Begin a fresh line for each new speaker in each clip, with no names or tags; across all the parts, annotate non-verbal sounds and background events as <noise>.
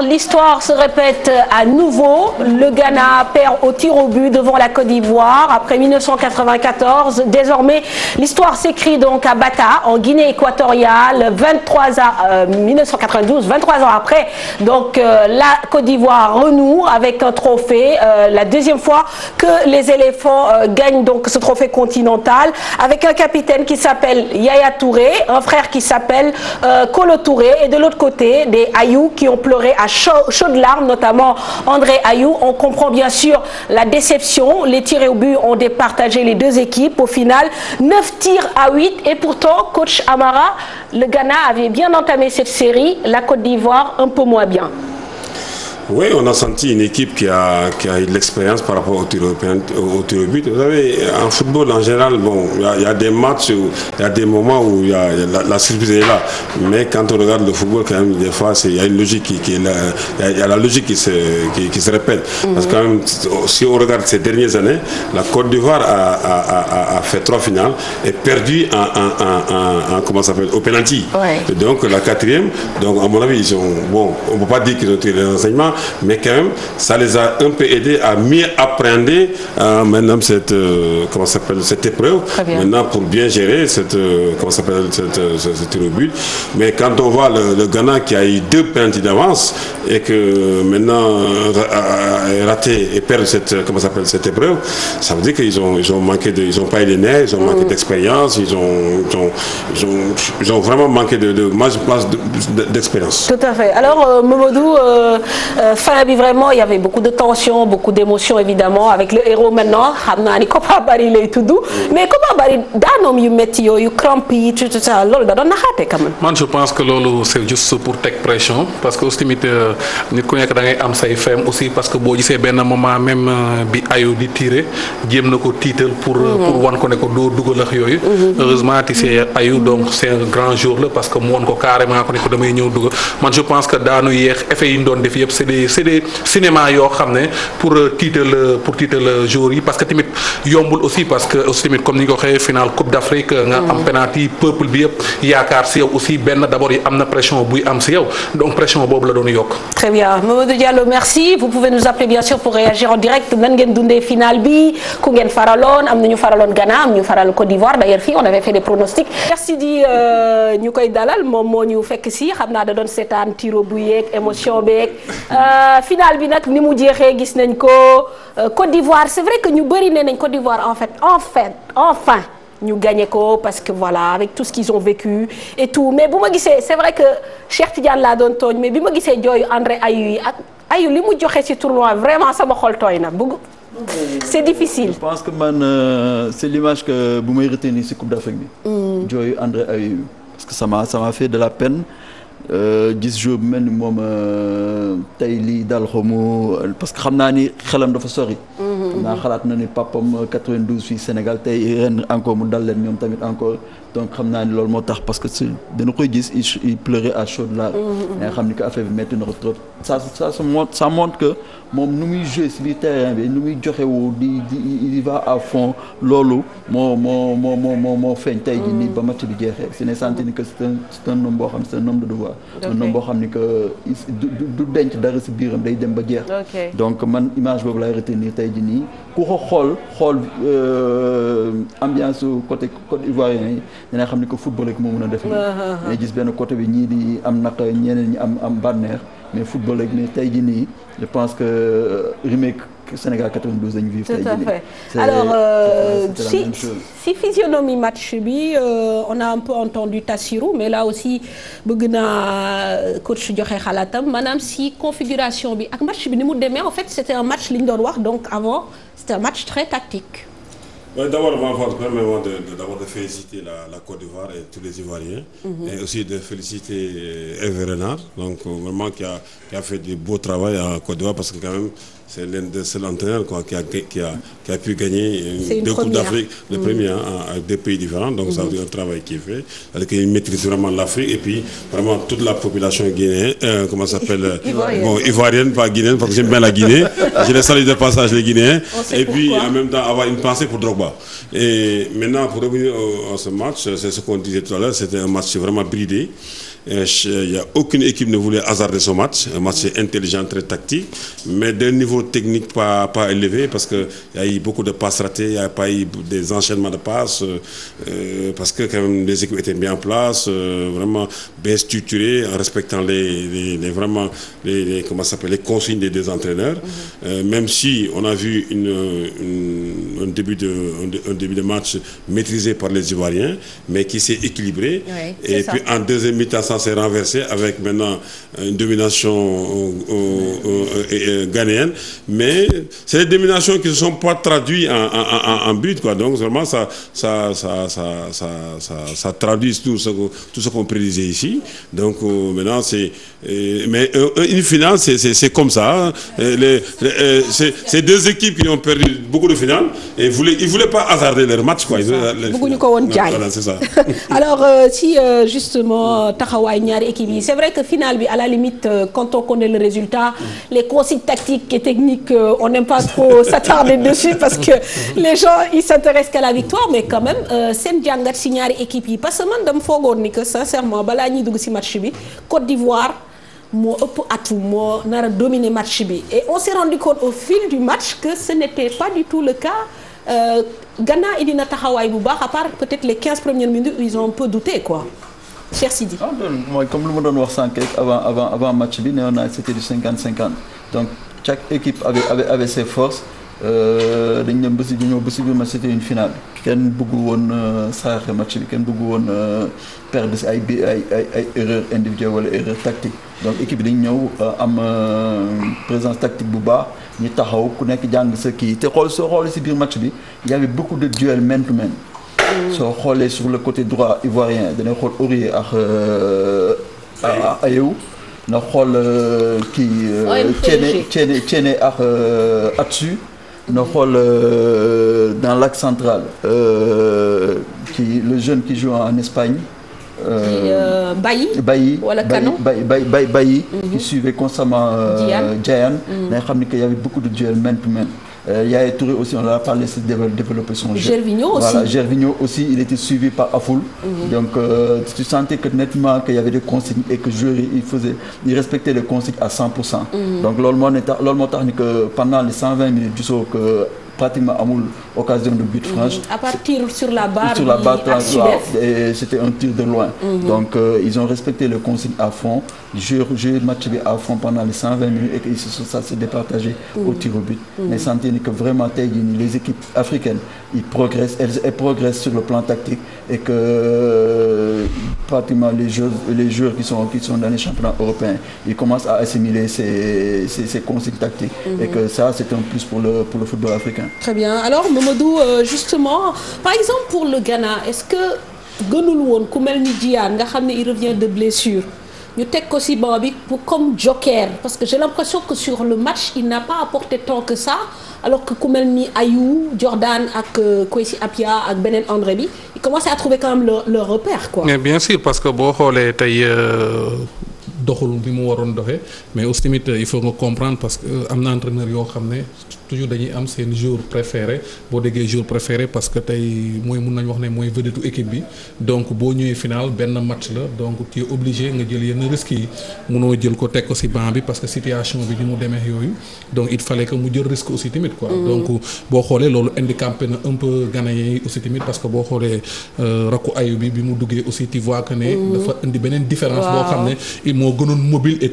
L'histoire, l'histoire se euh, à nouveau. Le Ghana perd au tir au but devant la Côte d'Ivoire après 1994. Désormais, donc à Bata, en Guinée équatoriale, 23 à, euh, 1992, Donc euh, la Côte d'Ivoire renoue avec euh, la deuxième fois que les éléphants gagnent donc ce trophée continental, avec un capitaine qui s'appelle Yaya Touré, un frère des Ayou chaudes larmes, notamment André Ayou. On comprend bien sûr la déception. Les tirs au but ont départagé les deux équipes. Au final, 9 tirs à 8. Et pourtant, coach Amara, le Ghana avait bien entamé cette série. La Côte d'Ivoire, un peu moins bien.
Oui, on a senti une équipe qui a, qui a eu de l'expérience par rapport au tir, Vous savez, en football en général, il y, a des matchs, il y a des moments où la, surprise est là. Mais quand on regarde le football, quand même, des fois, il y a une logique qui, la logique qui se, qui, qui répète. Mhm. Parce que quand même, si on regarde ces dernières années, la Côte d'Ivoire a, fait trois finales et perdu en, en, en, en comment ça s'appelle, au penalty. Donc la quatrième, donc à mon avis, ils ont, pas dire qu'ils ont tiré temps, mais quand même, ça les a un peu aidés à mieux apprendre euh, maintenant cette, euh, comment s'appelle, cette épreuve, maintenant pour bien gérer cette, euh, comment s'appelle, cette, euh, cette, cette but. Mais quand on voit le, le, Ghana qui a eu deux penalties d'avance et que euh, maintenant euh, a, a raté et perd cette, comment s'appelle, cette épreuve, ça veut dire qu'ils ont, ils ont manqué de, ils ont pas eu les nerfs, ils ont manqué mmh. d'expérience, ils ont, ils ont, ils ont, ils ont, vraiment manqué de, de, de, de d'expérience.
Tout à fait. Alors, Momodou, Euh, fin bi vraiment il beaucoup de tension beaucoup d'émotion évidemment avec le héros maintenant xam naa ni Kopa Bari lay tudd. mais Kopa Bari daanoom yu métti yooyu crampe yi tout loolu da doon naxaate quand
man je pense que loolu c'est juste pour teg pression parce que aussi euh, ku nekk da ngay am say fem aussi parce que boo benn moment même euh, bi ayu di tiré jéem na ko tiital pour. Mhm. pour wan ko ne ko doo dugal ak yooyu. Mhm. heureusement ti parce que mu wan ko carrément ko ne ko damay ñëw dugal man je pense que daanu yéex effet yi ñu doon def des c'est des cinémas yoo xam ne pour euh, tiital pour tiital jour yi parce que tamit yombul aussi parce que aussi comme ni nga ko final coupe d'Afrique nga am mm. penalty peuple bi yëpp yaakaar si yow aussi benn d'abord yi am na pression buy am si yow donc pression boobu la doon yokk.
très bien merci vous pouvez nous appeler bien sûr pour réagir en direct nan dundee final bi ku ngeen faraloon am na ñu faraloon Ghana am ñu faral Côte d'Ivoire d'ailleurs fii on avait fait des Euh, final bi nag ni mu jeexee gis nañ ko euh, Côte d'Ivoire c'est vrai que ñu bëri nee nañ Côte d'Ivoire en fait en fait enfin ñu gagné ko parce que voilà avec tout ce qu'ils ont vécu et tout mais bu ma gisee c'est vrai que Cheikh Tidiane laa doon tooñ mais bi ma gisee jooyu André Ayew yi li mu joxe ci tournoi vraiment sama xol tooy na bëgg c'est difficile. je
que man euh, c'est l'image que bu may retenir ci Coupe d'Afrique bi. Mm. jooyu André Ayew parce que ça fait de la p Euh, gis jour bi mel ni moom euh, tey lii daal xamu parce que xam naa ni xelam dafa sori. Mm-hmm. xam naa xalaat na ni papam 92 euh, fii Sénégal tey ren encore mu dal leen ñoom tamit encore donc xam naa ni loolu moo tax parce que si dana koy gis il pleurait à chaudes larmes. Mm-hmm. nga xam ni que affaire bi métti na ko trop. sa ça ça montre ça montre que moom nu muy joué si biir terrain bi nu muy joxe wu di di il va à fond loolu moo moo moo moo moo feeñ tey jii nii ba match bi jeexee. su ne senti ni que c'est un c'est un homme boo xam c'est quoi. un homme boo xam ne que du denc dara si biiram day dem ba jeex. donc man image boobu lay nii tey jii nii ku xool xool euh, ambiance su côté Côte Ivoirien yi dina xam ne que football rek moo mën defee def. Ah, ah, ah. gis benn côté bi ñii di am naq ñeneen ñi am am bànneex mais football rek mais tey jii nii je pense que euh, remake Sénégal 92 dañu vivre euh, si
physionomie match bi euh, on a un peu entendu Tassirou mais là aussi bëgg na naa euh, coach joxe xalaatam maanaam si configuration bi ak match bi ni mu demee en fait c' un match li ñu doon wax donc avant c' un match très tactique.
Oui, d'abord, permettez-moi de, d'abord de, de féliciter la, la d'Ivoire et tous les Ivoiriens, mhm. et aussi de féliciter Hervé euh, donc vraiment qui a, fait du beau travail en Côte d'Ivoire, parce que quand même, c'est l'un de qui a pu gagner euh, deux Coupes d'Afrique le mmh. premier à deux pays différents donc mmh. ça veut mm-hmm. dire un travail qui est fait qu'il maîtrise vraiment l'Afrique et puis vraiment toute la population guinéenne euh, comment ça s'appelle euh, bon ivoirienne pas guinéenne parce que j'aime bien la Guinée <laughs> je les salue de passage les Guinéens et puis en même temps avoir une pensée pour Drogba et maintenant pour revenir à ce match c'est ce qu'on disait tout à l'heure c'était un match vraiment Il euh, n'y a aucune équipe ne voulait hasarder son match. Un match mm. intelligent, très tactique, mais d'un niveau technique pas, pas élevé parce qu'il y a eu beaucoup de passes ratées, il n'y a eu des enchaînements de passes euh, parce que quand même les équipes étaient bien en place, euh, vraiment bien structurées en respectant les, les, les vraiment les, les comment consignes des, des entraîneurs. Mm-hmm. même si on a vu un, début de, un, un, début de match maîtrisé par les Ivoiriens, mais qui s'est équilibré. et en deuxième mi-temps, ça s'est renversé avec maintenant euh, une domination euh, euh, ghanéenne. Mais c'est des dominations qui ne sont pas traduites en, en, en, en, but. Quoi. Donc vraiment, ça, ça, ça, ça traduit tout ce, tout ce qu'on prédisait ici. Donc euh, maintenant, c'est... Euh, mais euh, une finale, c'est comme ça. Hein. Les, les, c'est deux équipes qui ont perdu beaucoup de finales et voulaient, ils ne voulaient pas hasarder leur match. Quoi. Ils, les, voilà, c'est ça.
<laughs> Alors, si justement, taxawaayu ñaari équipe yi c'est vrai que finale bi à la limite euh, quand on connaît le résultat mm. les consignes tactiques et techniques euh, on n'aime pas trop <laughs> s'attarder dessus parce que <laughs> les gens ils s'intéressent qu'à la victoire mais quand même euh, seen jàngat ci ñaari équipe yi parce que man dama foogoon ni que sincèrement bala ñuy dugg ci match bi Côte d'Ivoire moo ëpp atu moo nar a dominer match bi et on s'est rendu compte au fil du match que ce n'était pas du tout le cas Ghana indi na taxawaay bu baax à part peut-être les 15 premières minutes ils ont Cheikh
Sidi. Ah, mooy comme lu ma doon wax sànq rek avant avant avant match bi nee naa c'était du 50-50 donc chaque équipe avait avait avait ses forces euh, dañ dem ba si ñëw ba si biir match c'était kenn bëggu woon euh, saraxe match bi kenn bugg woon euh, perdre si ay bi ay ay ay erreur individuelle wala erreur tactique donc équipe bi dañ ñëw am présence tactique bu baax ñu taxaw ku nekk jàng sa kii te xool soo xool si biir match bi y avait beaucoup de duels man to Mmh. soo xoolee sur le côté droit ivoirien dañuy xool Aurier ak euh, Ayew na xool euh, kii. Tiéné Tiéné Tiéné ak euh, Atsu na xool dans l'axe central. kii le jeune qui joue en Espagne. Euh,
Bailly.
wala Kano Bailly Bailly Bailly Bailly. Mmh. qui suivait constamment. Diane Diane. da mmh. nga xam ni que y avait beaucoup de duels main Euh, Yaya Touré aussi on en a parlé c'est développer son jeu. Gervinho aussi voilà Gervinho aussi il était suivi par Afoul. Mhm. donc euh, tu sentais que nettement que y avait des consignes et que joueurs yi il faisait il respectait les consignes à 100 pour cent. Mhm. donc loolu moo ne tax loolu moo tax ni que pendant les 120 minutes du saut que. pratiquement amul occasion de but franche. Mhm.
à partir sur la barre
c'était un tir de loin. Mhm. donc euh, ils ont respecté le consigne à fond joué joué match bi à fond pendant les cent vingt minutes et que ça s'est départagé mhm. au tir au but. mais sentir que vraiment tey jii nii les équipes africaines ils progressent sur le plan tactique et que euh, pratiquement les joueurs les joueurs qui sont qui sont dans les championnats européens ils commencent à assimiler ces ces tactiques. et que ça c'est un plus pour le football africain.
très bien alors Mamadou euh, justement par exemple pour le Ghana est-ce que gënul woon ku mel ni Diane nga xam ne il revient de blessure ñu teg ko si banc bi pour comme joker parce que j'ai l'impression que sur le match il n'a pas apporté tant que ça alors que ku mel ni Ayou Jordan ak euh, Kwesi Appiah ak beneen André bi ils commencent à trouver quand même leur, repère mais
bien sûr parce que boo xoolee tey. Euh, doxul bi mu waroon doxee mais aussi tamit euh, il faut nga comprendre parce am na yoo xam ne toujours dañuy am seen jour préféré boo déggee jour préféré parce que tey mooy mun nañu wax ne mooy vedetu équipe bi donc boo ñëwee final benn match la donc tu es obligé nga jël yenn risques yi munoo jël ko teg ko si banc bi que situation bi ni mu demee yooyu donc il fallait mu jël risque aussi tamit quoi. Mm. donc boo xoolee loolu handicapé na un peu Ghanéens aussi tamit parce que boo xoolee euh, rakku ayu bi bi mu duggee aussi tu que ne. Mm. dafa indi beneen différence. boo xam ne il moo gënoon mobile et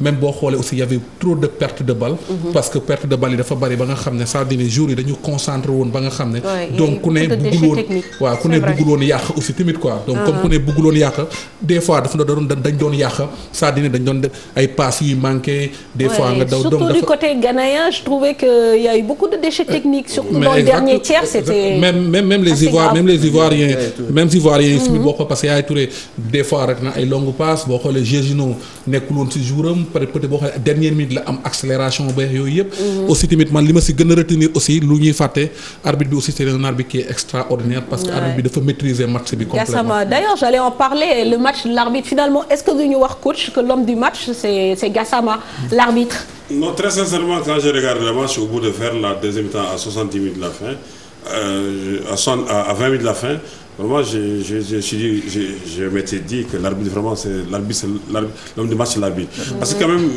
même boo xoolee aussi y avait trop de perte de balle. Mhm. parce que perte de balle yi dafa bari ba nga xam ne c'est-à-dire yi dañu concentré woon ba nga xam ne. donc ku ne buggul woon ku ne buggul woon yàq aussi uh-huh. dafa doon dañ doon yàq cest à dañ doon ay passes yuy manqué. des fois nga daw donc du côté
ghanéen je trouvais euh, surtout dans le dernier tiers c'était même
même les Ivoiriens même les Ivoiriens même Ivoiriens yi. Mhm. boo ko parce que Yaya Touré des parcours am peut être boo xam ne dernière minute la am accélération beex yooyu yëpp. Mm-hmm. aussi tamit man li ma si gën a retenir aussi lu ñuy fàtte arbitre bi aussi c'est un arbitre qui extraordinaire. parce que arbitre bi dafa maîtriser match bi. complètement
d'ailleurs j'allais en parler le match l'arbitre finalement est ce que duñu wax coach que l'homme du match c'est Gassama l'arbitre.
non très sincèrement quand je
regarde le match au bout de vers la deuxième temps Vraiment, je, je, je, je m'étais dit que l'arbitre, c'est l'homme de match, c'est l'arbitre. Parce que quand même,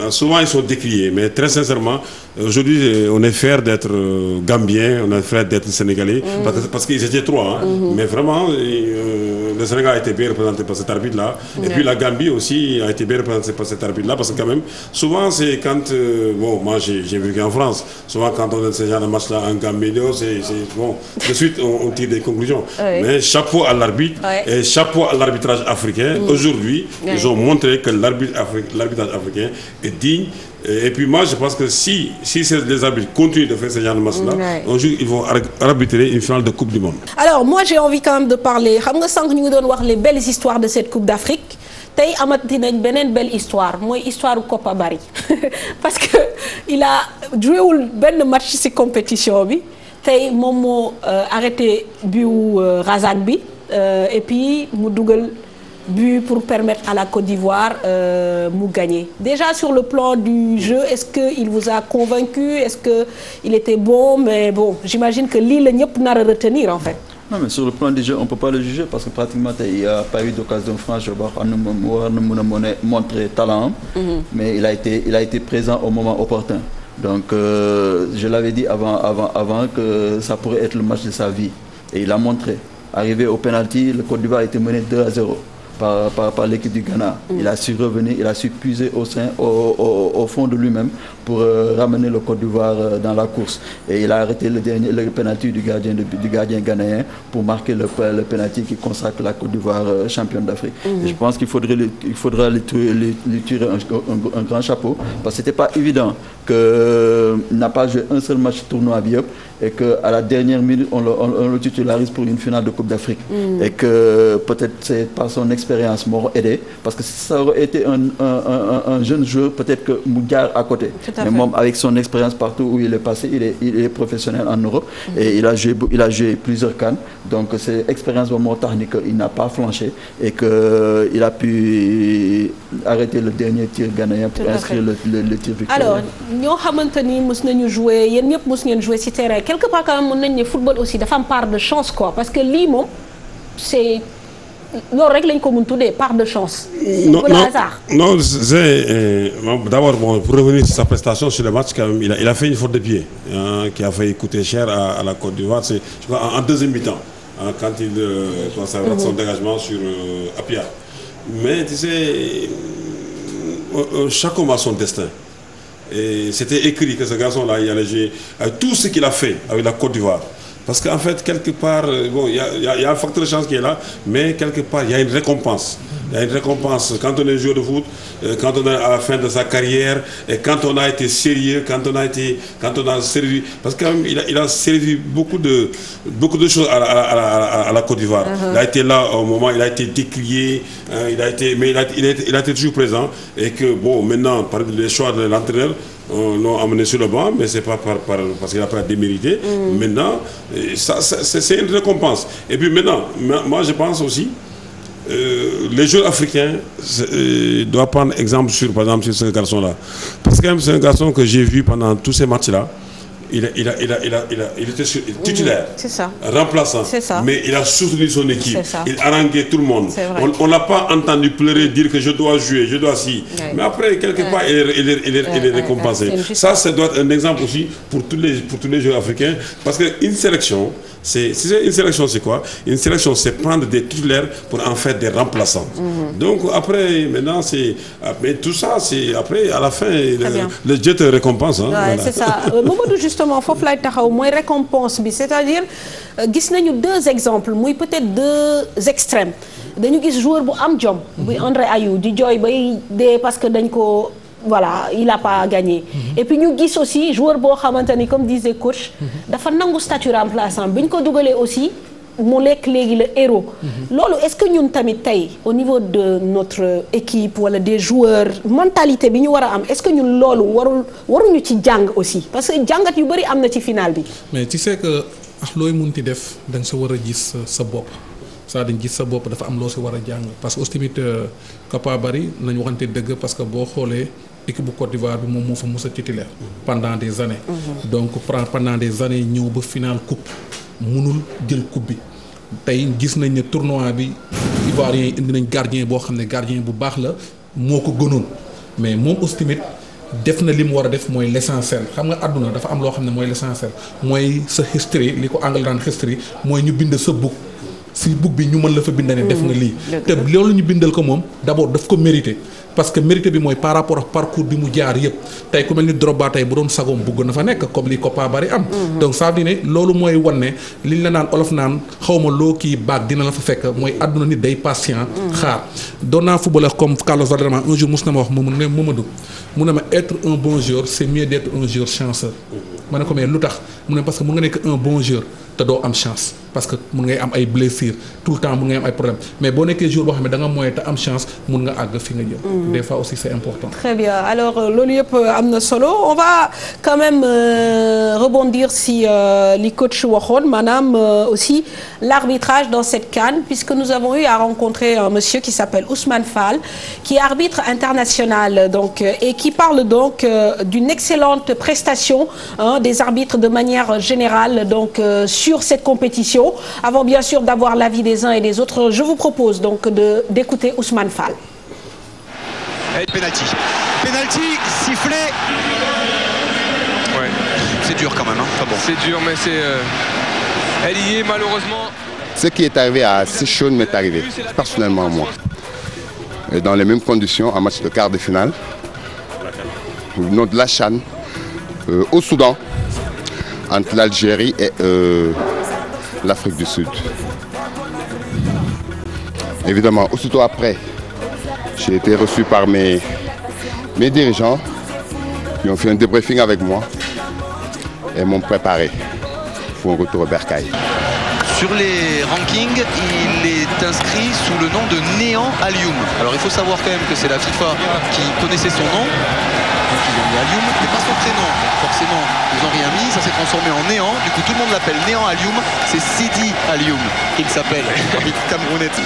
euh, souvent, ils sont décriés. Mais très sincèrement, aujourd'hui, euh, on est fiers d'être euh, Gambien, on est fiers d'être Sénégalais, mmh. parce, parce qu'ils étaient mm-hmm. Mais vraiment, euh, le par cet arbitre-là. Et mmh. puis la Gambie aussi a été bien représentée par cet arbitre-là, parce que quand même, souvent, c'est quand... j'ai vécu en France. Souvent, quand on a ce genre de match-là en Gambie, de suite, on, oui. mais chapeau à l'arbitre oui. et chapeau à l'arbitrage africain. Mmh. Aujourd'hui, oui. ils ont montré que l'arbitrage africain est digne. Et puis moi, je pense que si, si les arbitres continuent de faire ce genre de match-là, oui. un jour, ils vont arbitrer une finale de Coupe du Monde.
Alors, moi, j'ai envie quand même de parler. Xam nga sànq ñu ngi doon wax les belles histoires de cette Coupe d'Afrique. tey amati nañ beneen belle histoire mooy histoire Copa Barry <laughs> parce que il a joué wul benn match ci compétition bi. tey moom moo euh, arrêté biu euh, Razak bi euh, et puis mu dugal but pour permettre à la Côte d'Ivoire euh, mu gagner déjà sur le plan du jeu est-ce que il vous a convaincu est-ce que il était bon mais bon j'imagine que lii la ñëpp nar a retenir en fait.
non mais sur le plan du jeu on peut pas le juger parce que pratiquement tey il y a pas eu d'occasion franche boo xam ne moom war na mën a mën a montrer talent. Mm-hmm. mais il a été il a été présent au moment opportun. Donc, euh, je l'avais dit avant, avant, avant que ça pourrait être le match de sa vie. Et il a montré. Arrivé au penalty, le Côte d'Ivoire était mené 2 à 0 par, l'équipe du Ghana. Mm. Il a su revenir, il a su puiser au, sein, au, au, au fond de lui-même pour euh, ramener le Côte d'Ivoire euh, dans la course et il a arrêté le dernier le penalty du gardien de, du gardien ghanéen pour marquer le le penalty qui consacre la Côte d'Ivoire euh, championne d'Afrique. Mmh. Je pense qu'il faudrait lui, il faudra lui, lui, lui tirer un, un, un grand chapeau parce que c'était pas évident que n'a pas joué un seul match tournoi à Biop et que à la dernière minute on le, on le titularise pour une finale de Coupe d'Afrique mm. et que peut-être c'est par son expérience moo aidé parce que si ça aurait été un un un, un jeune joueur peut-être que mu jaar à côté à mais moom avec son expérience partout où il est passé il est il est professionnel en Europe. Mm -hmm. et il a joué il a joué plusieurs CAN donc c'est expérience ba moo tax ni que il n'a pas flanché et que il a pu arrêter le dernier tir ghanéen pour inscrire le, le le tir victorieux. alors
ñoo xamante ni mos nañu jouer yéen ñëpp mos ngeen jouer ci terrain quelque part quand même mën nañu ne football aussi dafa am part de chance quoi parce que lii moom c'est loolu rek lañ ko mun tuddee part de chance. non non
non euh, d'abord pour revenir sa prestation sur le match quand même il a il a fait une faute de pied hein, qui a failli coûter cher à, la Côte d'Ivoire c'est en, en deuxième mi-temps hein, quand il euh, pense son mhm. dégagement sur euh, Apia mais tu sais euh, chaque homme a son destin et c'était écrit que ce garçon-là il allait jouer tout ce qu'il a fait avec la Côte d'Ivoire. Parce qu'en fait, quelque part, euh, bon, il y, y, y, a un facteur de chance qui est là, mais quelque part, il y a une récompense. Il y a une récompense. Quand on est joueur de foot, euh, quand on est à la fin de sa carrière, et quand on a été sérieux, quand on a été, quand on a servi, parce qu'il a, il a servi beaucoup de, beaucoup de choses à, à, à, à la Côte d'Ivoire. Uh -huh. Il a été là au moment, il a été décrié, hein, il a été, mais il a, il a, il a été toujours présent. Et que, bon, maintenant, par les choix de l'entraîneur, l'ont euh, amené sur le banc, mais c'est pas par, par, parce qu'il n'a pas démérité. Mmh. Maintenant, euh, ça, ça c'est une récompense. Et puis maintenant, moi je pense aussi, euh, les joueurs africains euh, doivent prendre exemple sur, par exemple, sur ce garçon-là. Parce que c'est un garçon que j'ai vu pendant tous ces matchs-là. il a, il a, il a, il a, il a, il était sur, titulaire. C'est ça. Remplaçant. C'est ça. Mais il a soutenu son équipe. C'est Il haranguait tout le monde. On n'a pas entendu pleurer, dire que je dois jouer, Mais après, quelque ouais. il est, récompensé. Ça, un exemple aussi pour tous les, pour tous les joueurs africains. Parce qu'une c'est, une sélection, c'est quoi? Une sélection, c'est prendre des titulaires pour en faire des remplaçants. Mm -hmm. Donc, après, maintenant, c'est, ah, tout ça, c'est, après, à la fin, le, le, Dieu te récompense, hein, voilà.
<laughs> justement foofu lay taxaw mooy récompense bi c'est-à-dire euh, gis nañu deux exemple muy peut-être deux extrêmes dañu gis joueur bu am jom bu mhm. André Ayou di jooy bay dee parce que dañ ko voilà il a pas gagné. Mhm. et puis ñu gis aussi joueur boo xamante ni comme disait coach. Mhm. dafa nangu statut remplaçant bi ñu ko dugalee aussi mu lekk léegi la héros loolu est-ce que ñun tamit tey au niveau de notre équipe wala des joueurs mentalité bi ñu war a am est-ce que ñun loolu warul waruñu ci jàng aussi parce que jàngat yu bëri am na ci final bi
mais tu sais que ax ah, looy munti def da sa war a gis sa bopp saa dañ gis sa bopp dafa am loo si war a jàng parce que aussi tamit euh, Kapa Bari nañ waxante dëgg parce que boo xoolee équipe bu Côte d'Ivoire bi moom moo fa mos a titulaire pendant des années mm-hmm. donc mënul jël coupe tey gis nañ ne tournoi bi Ivoiriens yi indi nañ gardien boo xam ne gardien bu baax la moo ko gënoon mais moom aussi tamit def na li mu war a def mooy l'essentiel xam nga àdduna dafa am loo xam ne mooy l'essentiel mooy sa history li ko anglais daan history mooy ñu bind sa book si bug bi ñu mën la fa bind bindane def nga mm, lii te loolu ñu bindal ko moom d'abord daf ko mérité parce que mérité bi mooy par rapport ak parcours bi mu jaar yëpp tey ku mel ni Drogba tey bu doon sagoom bugg na fa nekk comme li Kopa bari am mm-hmm. donc ça veut ne loolu mooy wan ne liñ la naan olof naan xawma loo kii baag dina la fa fekk mooy àdduna nit day patient mm-hmm. xaar doon naa footballeur comme Carlos Valderrama un jour mos na ma wax moom ne Mamadou mu ne ma ma ne ko lu tax mu ne parce que mun nga nekk un bon joueur te doo am chance parce que mun ngay am ay blessure tout le temps mun ngay am ay problème mais boo nekkee joueur boo xam moyen te am chance mun nga àgg fi nga jëm. Mm. des fois aussi très
bien alors euh, loolu yëpp euh, am na solo on va quand même euh, rebondir si euh, li coach waxoon maanaam euh, aussi l'arbitrage dans cette CAN puisque nous avons eu à rencontrer un monsieur qui s'appelle Ousmane Fall qui est arbitre international donc euh, et qui parle donc d'une hein, des arbitres de manière générale euh, sur cette compétition. Avant bien sûr d'avoir l'avis des uns et des autres, je vous propose d'écouter Ousmane Fall.
C'est dur C'est dur mais c'est euh... est malheureusement.
Ce qui est arrivé à Sichon m'est arrivé personnellement à moi. dans les mêmes conditions, un match de quart de finale, au de la Chane. Euh, au Soudan, entre l'Algérie et euh, l'Afrique du Sud. Évidemment, aussitôt après, j'ai été reçu par mes, mes dirigeants qui ont fait un débriefing avec moi et m'ont préparé pour un retour au Bercail. Sur les
rankings, il est est inscrit sous le nom de Néant Alioum. Alors il faut savoir quand même que c'est la FIFA qui connaissait son nom. Donc ils ont mis Alioum, mais pas son prénom. Donc forcément, ils n'ont rien mis, ça s'est en Néant. Du coup, tout le monde l'appelle Néant Alioum. C'est Sidi Alioum
qu'il s'appelle, <laughs> Camerounette.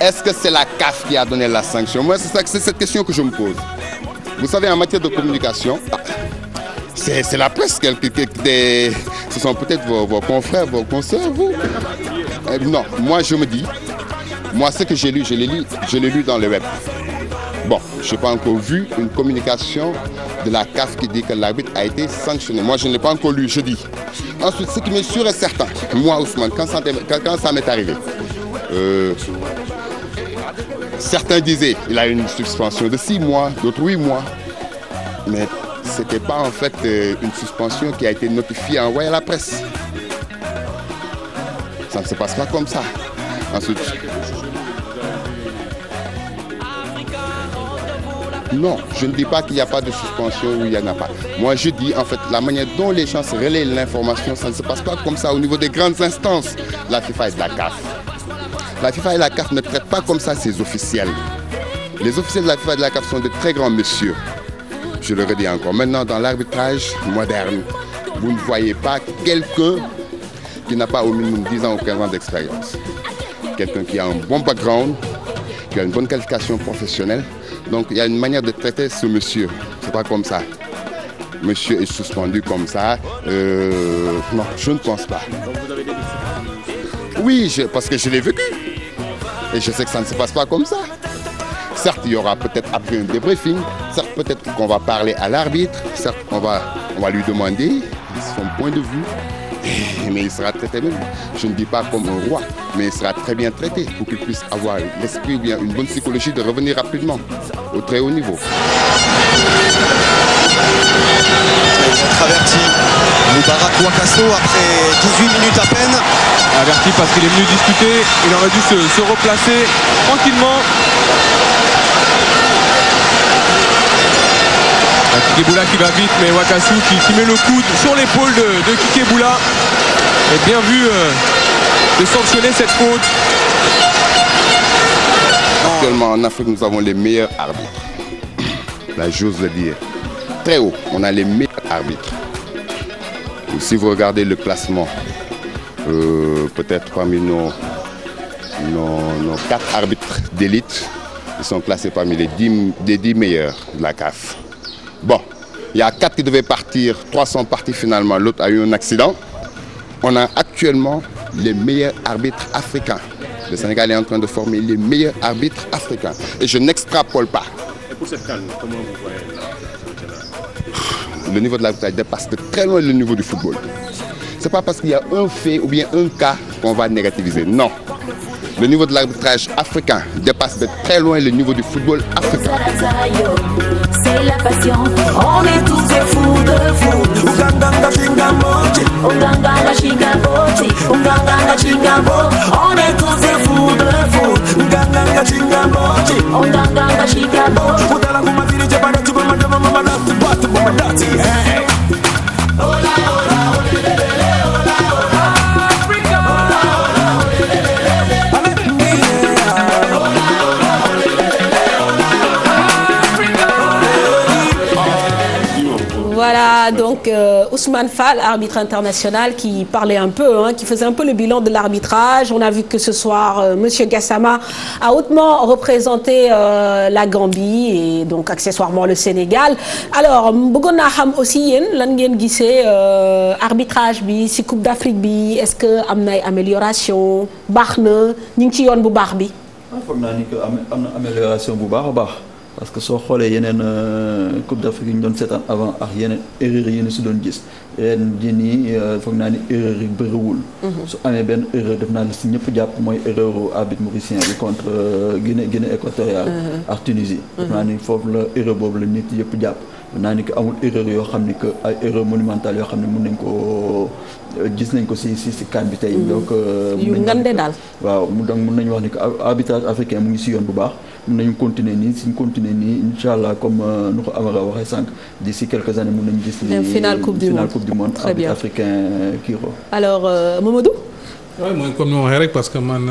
est la CAF qui cette question que je me pose. Vous savez, en matière de communication, c'est la presse, quelques, quelques, des, ce sont peut-être vos, vos, confrères, vos consoeurs, vous. Euh, non, moi je me dis, moi ce que j'ai lu, je l'ai lu, je l'ai lu dans le web. Bon, je n'ai pas encore vu une communication de la CAF qui dit que l'arbitre a été sanctionné. Moi, je ne l'ai pas encore lu, je dis. Ensuite, ce qui m'est sûr et certain, moi, Ousmane, quand ça, ça m'est arrivé, euh, certains disaient il a une suspension de 6 mois, d'autres 8 mois. Mais c'était pas en fait euh, une suspension qui a été notifiée envoyée à la presse. Ça ne se passe pas comme ça. Ensuite, Non, je ne dis pas qu'il n'y a pas de suspension ou il n'y en a pas. Moi, je dis en fait la manière dont les gens se relaient l'information, ça ne se passe pas comme ça au niveau des grandes instances. La FIFA et de la CAF. La FIFA et la CAF ne traitent pas comme ça ses officiels. Les officiels de la FIFA et de la CAF sont de très grands messieurs. Je le redis encore. Maintenant, dans moderne, vous ne voyez pas quelqu'un qui n'a pas au minimum 10 ans ou 15 d'expérience. Quelqu'un qui a un bon background, qui a une bonne qualification professionnelle. Donc il y a une manière de traiter ce monsieur. C'est pas comme ça. Monsieur est suspendu comme ça. Euh, non, je ne pense pas. Donc Oui, parce que je l'ai vécu. Et je sais que ça ne se passe pas comme ça. Certes, il y aura peut-être après un débriefing, certes peut-être qu'on va parler à l'arbitre, certes on va, on va lui demander son point de vue, eh, mais il sera traité même, je ne dis pas comme un roi, mais il sera très bien traité pour qu'il puisse avoir l'esprit une bonne psychologie de revenir rapidement au très haut niveau. Ils ont traverti Moubarak
à peine. Averti parce qu'il est venu discuter, il aurait dû se, se replacer tranquillement. Kikeboula qui va vite, mais Wakasu qui, qui met le coude sur l'épaule de, de Et
bien vu euh, de sanctionner cette faute. Actuellement en Afrique, nous avons les meilleurs arbitres. Là, j'ose le dire. Très haut, on a les meilleurs arbitres. si vous regardez le classement, euh, peut-être parmi nos, quatre arbitres d'élite, ils sont classés parmi les 10, meilleurs de la CAF. Bon, il y a quatre qui devaient partir, trois sont partis finalement, l'autre a eu un accident. On a actuellement les meilleurs arbitres africains. Le Sénégal est en train de former les meilleurs arbitres africains. Et je n'extrapole pas. Et pour cette calme, comment vous voyez le niveau de l'arbitrage dépasse de très loin le niveau du football. Ce pas parce qu'il y a un fait ou bien un cas qu'on va négativiser. Non. Le niveau de l'arbitrage africain dépasse de très loin le niveau du football africain.
c'est la passion. On est tous des fous de fous. Uganganga chingambochi. Uganganga chingambochi. Uganganga chingambochi. On est tous des fous de fous.
Uganganga chingambochi. Uganganga chingambochi. Utalanguma viri chapara chupamanda mama
mama bat bomba dati. Hey. Eh, eh.
Euh, Ousmane Fall, arbitre international, qui parlait un peu, hein, qui faisait un peu le bilan de l'arbitrage. On a vu que ce soir, euh, Monsieur Gassama a hautement représenté euh, la Gambie et donc accessoirement le Sénégal. Alors bëggoon naa xam aussi yéen lan ngeen gisee euh, arbitrage bi ci Coupe d'Afrique bi est-ce que am na ay amélioration baax na ñu ngi ci yoon bu baax bi. Ah,
bu baax baax. parce que soo xoolee yeneen euh, Coupe d'Afrique yi ñu doon seetaan avant ak yeneen erreurs yi ñu si doon gis ren jii nii euh, foog naa ni erreur yi bëriwul. Mhm. su amee benn erreur def naa ne si ñëpp jàpp mooy erreur arbitre mauricien bi contre euh, Guinée Guinée équatoriale. Mhm. ak Tunisie. Mhm. def naa ni foofu la erreur boobu la nit yëpp jàpp. naa ni que amul erreur yoo xam ni que ay erreur monumentale yoo xam ne mun nañ ko gis nañ ko si si si kan bi tey. donc yu ngande daal. waaw donc mën nañu wax ni que arbitrage mu ngi si yoon bu baax. mun nañu continuer nii suñ continuer nii incha allah comme euh, nu ko Amara waxee sànq d'ici quelques années mun nañu gis. li euh, final coupe du monde coupe du monde africain Kiro.
alors euh, Mamadou. waaw
mooy comme ni ma waxee rek parce que man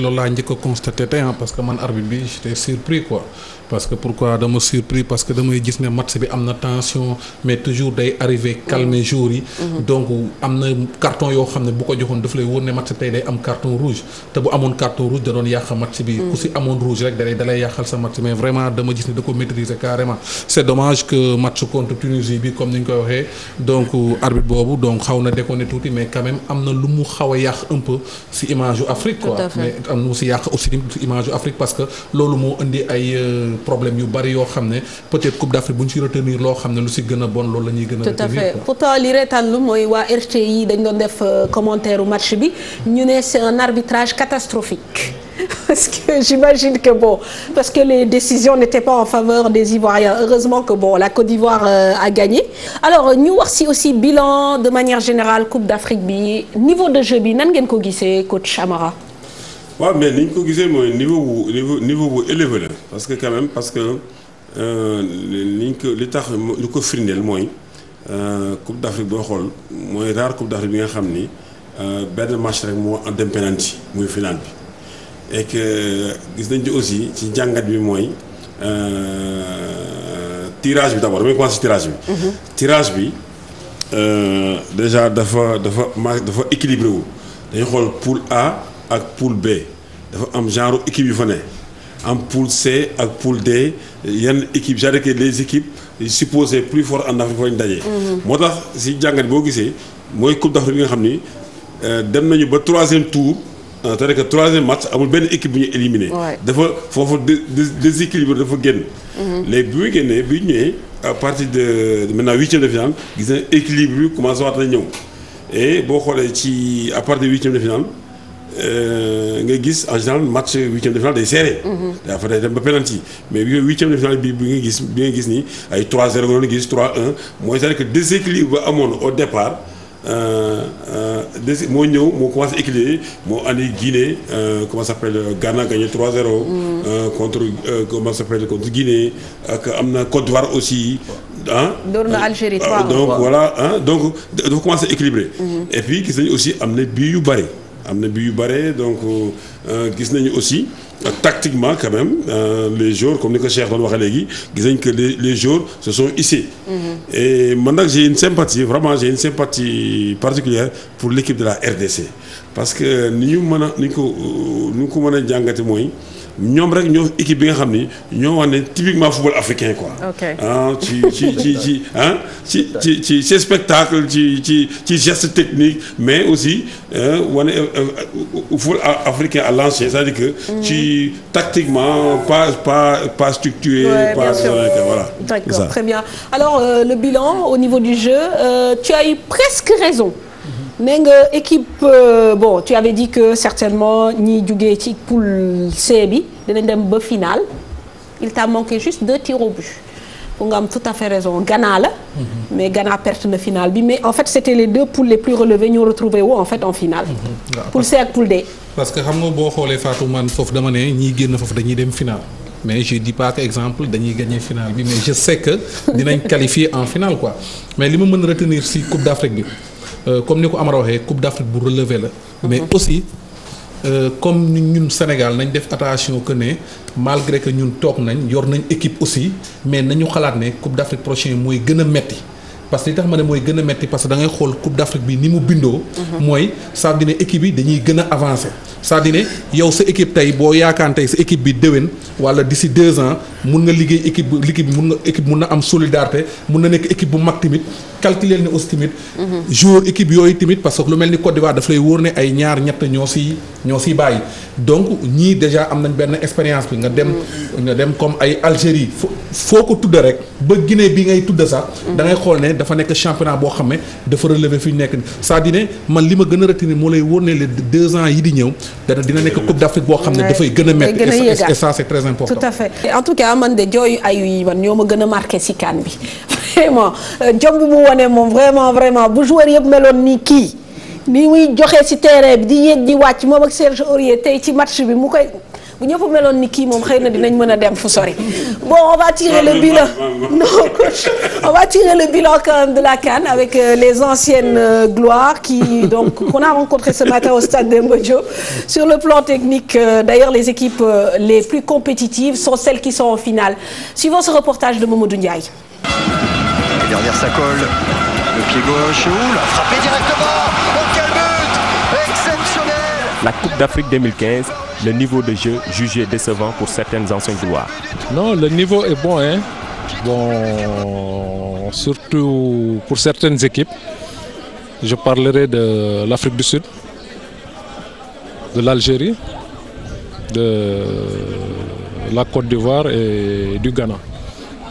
loolu laa njëkk a constaté tey ah, parce que man arbitre bi j'étais surpris quoi. parce que pourquoi dama surpris parce que damay gis ne match bi am na tension mais toujours day arrivé calmer mm-hmm. jour yi. Mm-hmm. donc am na carton yoo xam ne bu ko joxoon daf lay wóor ne match tey day am carton rouge te bu amoon carton rouge da doon yàq match bi. Mm-hmm. ku si amoon rouge rek da lay yàqal sa mais vraiment dama gis ne da ko maîtriser carrément c'est dommage que match contre Tunisie bi comme ni ñu koy waxee donc euh, arbitre boobu donc xaw na ne tuuti mais quand am na lu mu xaw a yàq un peu si image yu Afrique quoi mais yàq aussi image yu Afrique que loolu moo indi euh, problème yu bari yoo xam ne peut-être Coupe d'Afrique bu ñu ci retenir loo xam ne lu si gën a bon loolu la ñuy gën a tout à fait
pourtant li reetaan lu mooy waa RTI dañ doon def euh, commentaire match bi ñu ne c'est un arbitrage catastrophique <laughs> parce que j'imagine que parce que les décisions n'étaient pas en faveur des Ivoiriens heureusement que bon la Côte d'Ivoire euh, a gagné alors euh, ñu wax ci aussi bilan de manière générale Coupe d'Afrique bi niveau de jeu bi nan ngeen ko gisee coach Amara
waaw mais ni ñu ko gisee mooy niveau bu niveau bu élevé la parce que quand même parce que li euh, ñu ko li tax li ko firndeel mooy euh, Coupe d'Afrique boo xool mooy rare Coupe d'Afrique bi nga xam ni euh, benn match rek moo dem penalty muy final bi et gis nañ ci aussi ci jàngat bi mooy tirage bi d'abord damay commencer tirage bi. Mhm. tirage dafa dafa ma dafa équilibré wu dañu xool poule A. ak poule B dafa am genre équipe yu fa ne am poule C ak poule D yenn équipe c'est-à-dire que les équipes supposées plus fortes en Afrique fa ñu dajee. Mhm. moo tax si jàngat boo gisee mooy coupe d'Afrique bi nga xam ni euh, dem nañu ba troisième tour. Euh, cest à que troisième match amul benn équipe bu ñu éliminé. dafa foofu déséquilibre dafa génn. Mhm. léegi bi muy génnee bi ñu ñëwee à partir de maintenant huitième de finale gis na équilibre bi commencé waat na ñëw boo xoolee ci à partir de huitième Euh, nga gis en général match huitième de finale day serré. Mhm. dafa day dem ba penalty mais huitième de bi bi nga gis bi nga gis ni ay 3-0 nga doon gis 3-1 mooy c'est-à-dire que déséquilibre ba amoon euh, euh, moo ñëw moo commencé équilibré moo andi Guinée comment ça s'appelle Ghana gagné 3-0. Mhm. contre comment ça s'appelle Guinée ak am na Côte d'Ivoire aussi. ah
door na Algérie 3 donc
voilà ah. donc dafa équilibré. Mhm. et puis gis nañu am na bii yu bëri. am na bi yu bare donc euh, euh, gis nañu aussi euh, tactiquement quand même les joueurs comme ni ko Cheikh doon waxee léegi gis nañ que les les joueurs se sont hissés. Mhm. et man nag j'ai une sympathie vraiment j'ai une sympathie particulière pour l'équipe de la RDC parce que ni ñu mën a ni ñu ko ni ñu ko mën a jàngate mooy. ñoom rek ñoo équipe bi nga xam ni ñoo wax ne typiquement football africain quoi. Ah, ci ci ci ah ci ci ci ci spectacle ci ci ci geste technique mais aussi euh, wane euh, euh, football africain à l'ancienne c'est-à-dire que. Mm. ci tactiquement pas pas pas structuré. pas voilà. d'accord très
bien alors le bilan au niveau du jeu tu as eu presque raison. nee nga équipe euh, bon tu avais dit que certainement ñi jugee ci poul C bi dinañ dem ba finale il t'a manqué juste deux tirs au but pour nga am tout à fait raison Ghana la. Mhm. mais Ghana perte na finale bi mais en fait c'était les deux poules les plus relevées ñoo retrouvé wu en fait en finale. Mhm. poule C ak poule D.
parce que xam nga boo xoolee Fatou man foofu dama ne ñiy génn foofu dañuy dem finale. mais je dis pas que exemple dañuy gagner finale bi mais je sais que li ma mën retenir ci Coupe Euh, comme ni ko Amara waxee Coupe d'Afrique bu relevé la. mais mhm. aussi euh, comme ñun Sénégal nañ def attention que ne malgré que ñun toog nañ yor nañ équipe aussi mais nañu xalaat ne Coupe d'Afrique prochaine mooy gën a metti. parce que li tax ma ne mooy gën a metti parce que da ngay xool Coupe d'Afrique bi ni mu bindoo. Mhm. mooy ça veut dire équipe yi dañuy gën a avancer. cest à yow sa équipe tey boo yaakaan tey sa équipe bi déwén wala d'ici deux ans mun nga liggéey équipe bu liggéey bi mun nga équipe mun na am solidarité mun na nekk équipe bu mag tamit calculer ni aussi tamit. Mm-hmm. jour équipe yooyu tamit parce que lu mel ni Côte d'Ivoire daf lay wóor ne ay ñaar ñett ñoo si ñoo si bàyyi donc ñii déjà am nañ benn expérience bi nga dem. Mm-hmm. nga dem comme ay Algérie foo ko tudd rek ba Guinée bi ngay tudd sax. Mm-hmm. da ngay xool ne dafa nekk championnat boo xam dafa relever fi ñu nekk cest à man li ma gën a retenir moo lay wóor ne les deux ans yi di ñëw. dana dina nekk coupe d'Afrique boo xam ne dafay gën a métti et ça c'est très important tout
à fait en tout cas man de jooyu ayu yi man ñoo ma gën a marke si kan bi <laughs> vraiment euh, jom bu mu wane moom vraiment vraiment bu joueur yëpp meloon nii kii ni muy joxe si terrain bi di yéeg di wàcc moom ak Serge Aurier tey ci match bi mu koy bu ñëpp meloon ni kii moom xëy na dinañ mën a dem fu sori bon on va tirer le bilan donc <laughs> on va tirer le bilan quand de la CAN avec euh, les anciennes euh, gloires qui donc <laughs> qu'on a rencontré ce matin au stade Demba Diop sur le plan technique euh, d'ailleurs les équipes les plus compétitives sont celles qui sont en finale suivons ce reportage de Mamadou Ndiaye
le niveau de jeu jugé décevant pour certaines anciennes gloires
Non, le niveau est bon. Hein? Bon, surtout pour certaines équipes. Je parlerai de l'Afrique du Sud, de l'Algérie, de la Côte d'Ivoire et du Ghana.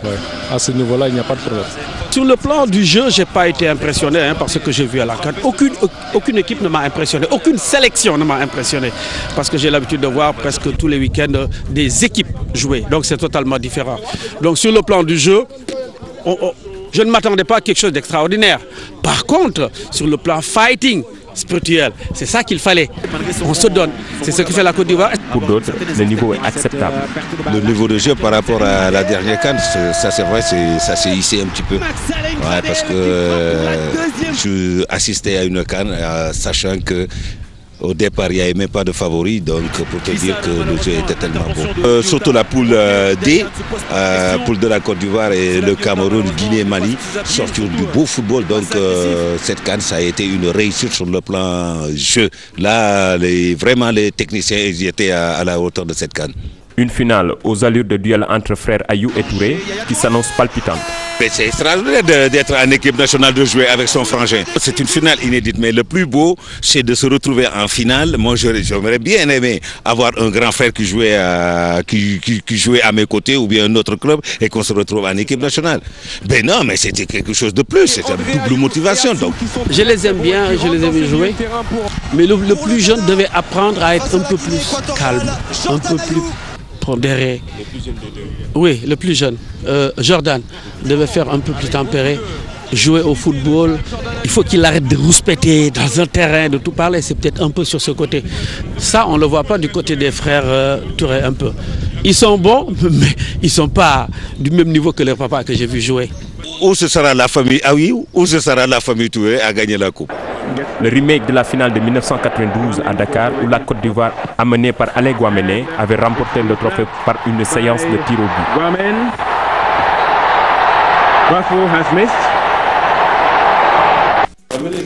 Ouais. À ce niveau-là, il n'y a pas de problème. Sur
le plan du jeu, je n'ai pas été impressionné hein, par ce que j'ai vu à la Cannes. Aucune, aucune équipe ne m'a impressionné, aucune sélection ne m'a impressionné. Parce que j'ai l'habitude de voir presque tous les week-ends des équipes jouer. Donc c'est totalement différent. Donc sur le plan du jeu, on, on Je ne m'attendais pas à quelque chose d'extraordinaire. Par contre, sur le plan fighting, spirituel. C'est ça qu'il fallait. On se donne. C'est ce que fait la Côte d'Ivoire. Pour d'autres, le niveau est
acceptable. Le niveau de jeu par rapport à la dernière canne, ça c'est vrai, ça s'est hissé un petit peu. Ouais, parce que euh, je assistais à une canne, euh,
sachant que Au départ, il n'y avait même pas de favoris, donc pour te dire que le jeu était tellement bon. Euh, surtout la poule euh, D, euh, de la Côte d'Ivoire et le Cameroun, Guinée, Mali, sortir du beau football. Donc euh, cette canne, ça a été une réussite sur le
plan jeu. Là, les, vraiment, les techniciens ils étaient à, à la hauteur de cette canne. Une finale aux allures de duel entre frères Ayou et Touré qui s'annonce palpitante.
C'est extraordinaire d'être en équipe nationale, de jouer avec son frangin. C'est une finale inédite, mais le plus beau, c'est de se retrouver en finale. Moi, j'aimerais bien aimer avoir un grand frère qui jouait, à, qui, qui, qui jouait à mes côtés ou bien un autre club et qu'on se retrouve en équipe nationale. Ben non, mais c'était quelque chose de plus, c'était une double motivation. Donc. Je les aime bien, je les aime jouer, mais le, le plus jeune devait apprendre à être un peu plus calme, un peu plus propre derrière. Le plus jeune de deux. Oui, le plus jeune. Euh, Jordan devait faire un peu plus tempéré. jouer au football, il faut qu'il arrête de rouspéter dans un terrain, de tout parler. C'est peut-être un peu sur ce côté. Ça, on ne le voit pas du côté des frères euh, un peu. Ils sont bons, <laughs> mais ils ne sont pas du même niveau que leur papa que j'ai vu jouer.
Où ce sera la famille Ah la famille à gagner la Coupe le remake de la finale de 1992 à Dakar où la Côte d'Ivoire, amenée par Alain Guamene, avait remporté le trophée par une séance de tir au but.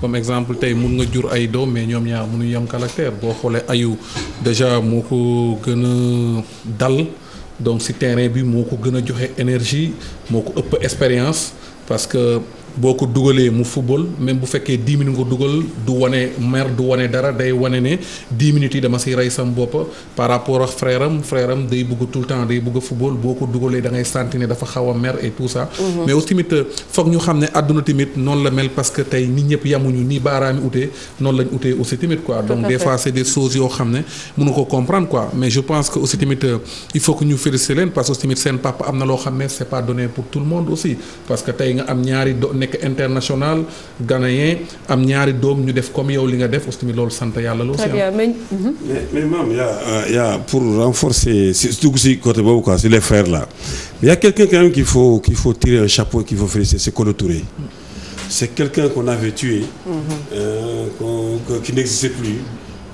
comme exemple tey mun nga jur ay doom mais ñoom ñaar munu yem caractère boo xoolee ayu déjà moo ko gën a dal donc ci terrain bi moo ko gën a joxe énergie moo ko ëpp expérience parce que boo ko dugalee mu football même bu fekkee dix minutes nga dugal du wane mer du wane dara day wane ne dix minutes yi dama si rey sam bopp par rapport ak frère am day bëgg tout le temps boo ko dugalee dafa xaw a mer et tout ça. Mhm. mais aussi tamit euh, foog ñu xam euh, il faut que ñu féliciter leen parce que aussi tamit seen papa am na loo xam ne c'est pas donné pour tout le monde aussi parce que tey nga am ñaari nekk international ghanéen am ñaari doom ñu def comme yow li nga def aussi tamit loolu sant yàlla la. très bien ah.
mhm. mais mais maam yaa yaa pour renforcer surtout si côté boobu quoi sur les frères là il y a quelqu'un quand même qu'il faut qu'il faut tirer un chapeau qu'il faut féliciter c'est Kolo Touré. c'est quelqu'un qu'on avait tué. Mhm. Euh, qu'on, qui n'existait plus.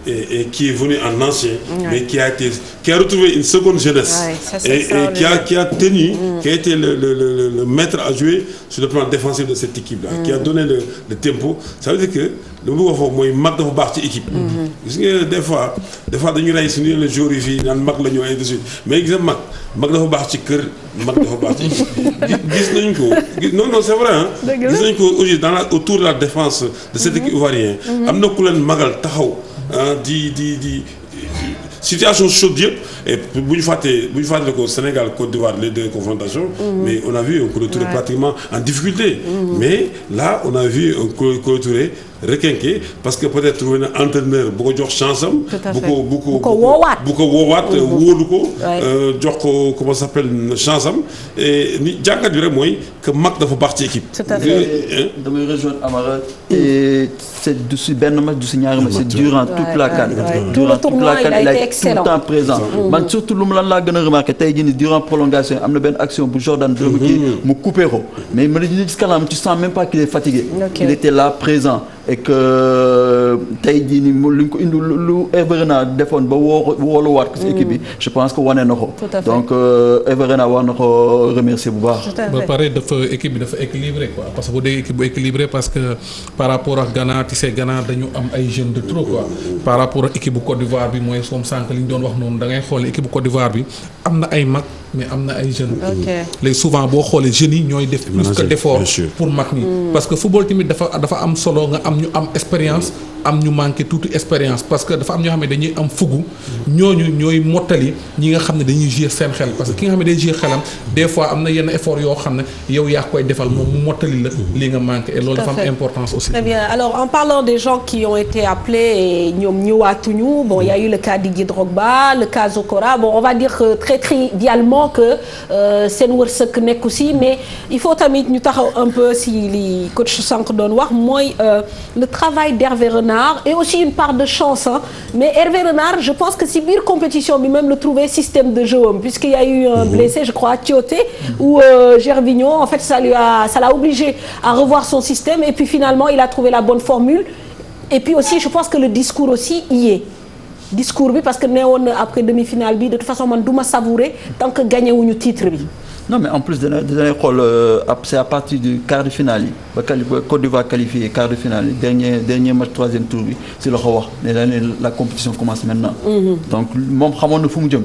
et, et, ki est venu en ancien, ouais. mais qui a, été, qui a retrouvé une seconde jeunesse ouais, ça, le, le, le, à jouer sur le plan défensif de cette équipe-là, mm. qui a mm. le, tempo. Ça veut dire que le mot foofu mooy mag dafa baax ci équipe. Mm-hmm. gis nga des fois des fois dañu rey suñu le joueurs yi fii naan mag la ñu ay de mais gis nga mag mag dafa baax ci kër mag dafa baax ci gis nañ ko non non c'est gis nañ ko aujourd'hui dans la autour de la défense de cette mm-hmm. équipe ivoirienne. Mm-hmm. am na ku leen magal taxaw. di di di situation chaude yëpp et bu ñu fàttee bu ñu fàttee ko Sénégal Côte d'Ivoire les deux confrontations. Mhm. mais on a vu un Touré pratiquement en difficulté. Mhm. mais là on a vu un Touré requinqué parce que peut-être wenn entraîneur bu ko jox chance am. bu ko bu ko
bu ko ko
euh, jox ko comment ça s'appelle chance am et ni jàngat bi mooy que mag dafa baax ci équipe. tout à
fait
damay rejoindre Amara. c'est du si benn match du si ñaari c'est durant toute la CAN. la CAN il a été tout man mm-hmm. surtout lu mu lan laa gën a remarqué tey jii nii durant prolongation am na benn action bu Jordan Dóobu kii mm-hmm. mu coupé ko mais man dañuy gis kanam tu sens même pas qu'il est fatigué. il était là présent. et que tey jii ni mu luñ ko indi lu naa defoon ba woo wooluwaat ko si équipe bi mm. je pense que wane na ko donc euh, Everena war na ko remercier bu baax
ba pare dafa équipe bi dafa équilibré ko parce que bu dee équipe bu équilibré parce que par rapport ak Ghana tu sais Ghana dañu am ay jeunes de trop quoi par rapport ak équipe bu Côte d'Ivoire bi mooy soom sànq li ñu doon wax noonu da ngay xool équipe bu Côte d'Ivoire bi am na ay mag mais am na ay jeunes. Mm. léegi souvent boo xoolee jeunes yi ñooy def. plus que d'effort pour mag ñi. Mm. parce que football tamit dafa dafa am solo nga am ñu am expérience. Mm. am ñu manqué tuuti expérience parce que dafa am ñoo xam ne dañuy am fugu ñooñu ñooy mottali ñi nga xam ne dañuy gérer seen xel parce que ki nga xam ne day gérer xelam des fois am na yenn effort yoo xam ne yow yaa koy defal moom mu mottali la li nga manqué et loolu dafa am importance aussi très
bien alors en parlant des gens qui ont été appelés ñoom ñëwaatuñu bon y a eu le cas Didier Drogba le cas Zokora bon on va dire que euh, très trivialement que euh, seen mais il faut tamit ñu taxaw un si li coach Sank doon wax mooy euh, Renard et aussi une part de chance hein. mais Hervé Renard je pense que si biir compétition bi même le trouver système de jeu am puisqu'il y a eu un mhm. blessé je crois Tioté ou euh, Gervinho en fait ça lui a ça l'a obligé à revoir son système et puis finalement il a trouvé la bonne formule et puis aussi je pense que le discours aussi y est discours bi parce que nee woon na après demi-finale bi de toute façon man du ma savourer tant que gagné wuñu titre bi
non mais en plus dana danañ xool euh, c' est à partir du quart de finale yi ba quali Côte d'Ivoire qualifié quart de finale yi dernier dernier match troisième tour bi si la ko wax ne la la compétition commence maintenant. Mm-hmm. donc moom xamoon na fu mu jëm.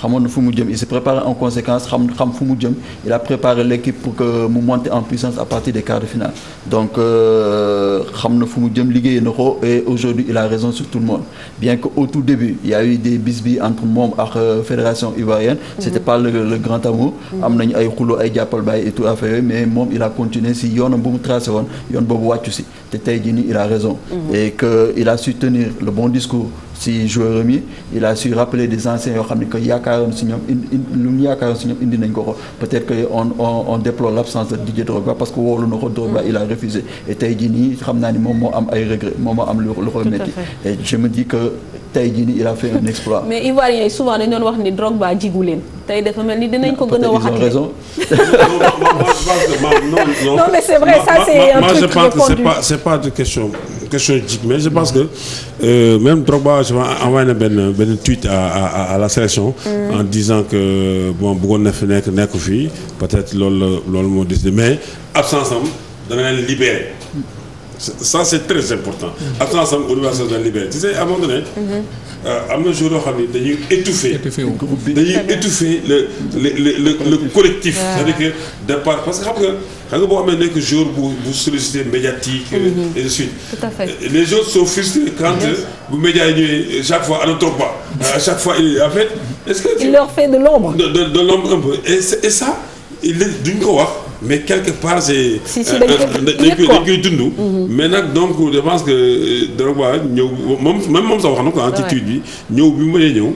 xamoon na fu mu jëm il s'est préparé en conséquence xam fu mu jëm il a préparé l'équipe pour que mu monter en puissance à partir des quarts de finale donc euh, xam na fu mu jëm liggéey na ko et aujourd'hui il a raison sur tout le monde bien que au tout début il y a eu des bisbilles entre moom ak euh, fédération ivoirienne mm-hmm. c'était pas le, le grand amour mm-hmm. am nañu ay xuloo ay jàppal baay et tout affaire mais moom il a continué si yoonam bu mu tracé woon yoon boobu wàccu si te tey jii nii il a raison. Mhm. et que il a su tenir le bon discours si joueur yi il a su rappeler des anciens yoo xam ne que yaakaaroon si ñoom indi lu mu yaakaaroon ko ko peut-être que on on on déplore l'absence de Didier Drogba parce que wóolu na ko Drogba mhm. et tey jii nii xam naa ni moom moo am ay regrets moom moo am lu ko et je me dis que. tey jii nii il a fait un exploit.
mais Ivoiriens yi souvent dañu doon wax Drogba jigu leen tey dafa ni dinañ ko gën a wax. ils
<laughs> mais c'est vrai
c'est un question question jig mais je pense que euh, même Drogba je pense envoyé na benn benn tweet à à à la sélection. Mm. en disant que bon bëggoon na fi nekk fii peut-être lool la loolu décidé mais absence am dana leen libéré. ça c'est très important. absence am autorisation de libérer tu sais à euh, jour yoo xam ne dañuy étouffer. étouffer dañuy étouffer le le le le collectif. c'est-à-dire que de parce que xam nga xam nga boo amee nekk jour bu bu sollicité médiatique. Mm-hmm. et de suite. tout à fait les gens sont frustrés quand bu média yi chaque fois on ne tombe chaque fois il en fait. est-ce que il leur fait de l'ombre de de l'ombre un peu et ça il duñ ko wax. mais quelque part c' est. si euh, euh, dañ koy dañ mhm. mais nag donc je pense que euh, Dóorogba ñëw moom même moom sax wax na ko ah. ci bi ñëw bi mu mënee ñëw.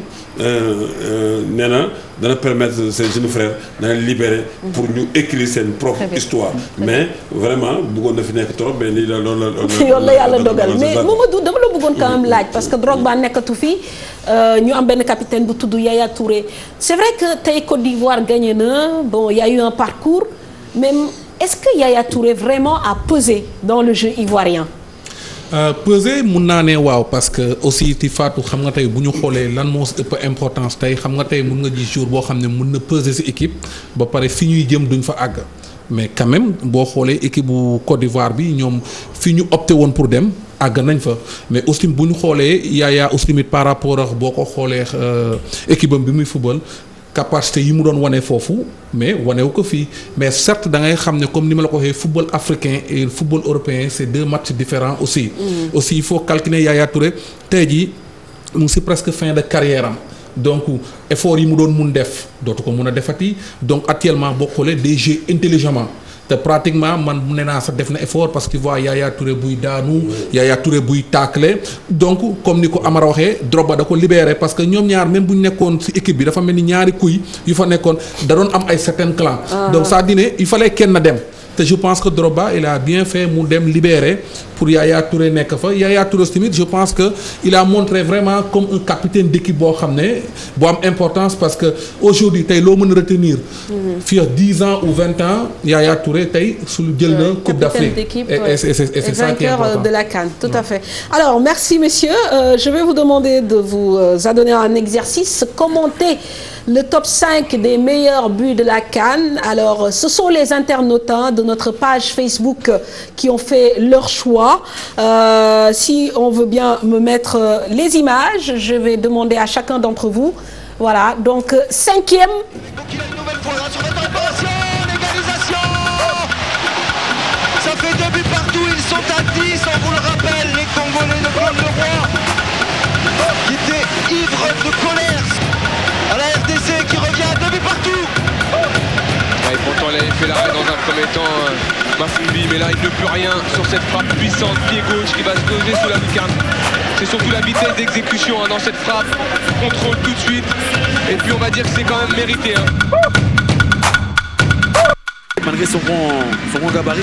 nee na dana permettre seen jeune frère dana libérer. Mhm. pour ñu écrire seen propre histoire. mais vraiment bëggoon na fi nekk trop mais lii la la. loolu la <laughs> yàlla dogal mais Mamadou
dama la bëggoon quand même mhm. laaj parce que Drogba nekkatu fi ñu am benn capitaine bu tudd Yaya Touré c'est vrai que tey Côte d'Ivoire gagné na bon y eu un parcours. mais est-ce que Yaya Touré vraiment à pesé dans le jeu ivoirien.
Euh, pesé mun naa ne waaw parce que aussi ti faatu xam nga tey bu ñu xoolee lan moo si ëpp importance tey xam nga tey mun nga ji jour boo xam ne mun na peser si équipe ba pare fi ñuy jëm duñ fa àgg. mais quand boo xoolee équipe bu Côte d'Ivoire bi ñoom fi ñu opté woon pour dem àgg nañ fa mais aussi bu ñu xoolee Yaya aussi tamit par rapport ak boo ko xoolee euh, équipe bi muy football capacité yi mu doon wane foofu mais wanewu ko fii mais certes da ngay xam ne comme ni ma la ko waxee football africain et football européen c'est deux matchs différents aussi. Mmh. aussi il faut calculer Yaya Touré tey jii mu si presque fin de carrière am. donc effort yi mu doon mun def dootu ko mun a defati donc actuellement boo xoolee des jeux te pratiquement man ne naa sax def na effort parce que voit Yaya Touré buy daanu. Yaya Touré buy tacler. donc comme ni ko Amara waxee Drogba da ko libéré parce que ñoom ñaar même bu ñu nekkoon ci équipe bi dafa mel ni ñaari kuy yu fa nekkoon da doon am ay certain clan ah. donc ça dit ne il fallait kenn na dem. te je pense que Drogba il a bien fait mu dem libéré pour Yaya Touré nekk fa Yaya Touré tamit je pense que il a montré vraiment comme un capitaine d'équipe boo xam ne bu am importance parce que aujourd'hui tey loo mën a retenir. Mhm. fii ak dix ans ou vingt ans Yaya Touré tey su jël na Coupe d'Afrique et c'est ça qui euh, de la
CAN tout à fait alors merci messieurs euh, je vais vous demander de vous euh, adonner un exercice commenter le top 5 des meilleurs buts de la Cannes. Alors, ce sont les internautes de notre page Facebook qui ont fait leur choix. Euh, si on veut bien mettre euh, les images, je vais demander à chacun d'entre vous. Voilà, donc cinquième. Donc il
une nouvelle progression. L'égalisation Ça fait deux buts le rappelle, les Congolais de de colère. à deux buts partout et pourtant la avait fait l'arrêt dans un premier temps euh, Mafumbi mais là il ne peut rien sur cette frappe puissante pied gauche qui va se poser sous la lucarne. C'est surtout la vitesse d'exécution dans cette frappe, contrôle tout de suite et puis on va dire que c'est quand mérité. Hein.
Cette euh, de balle, de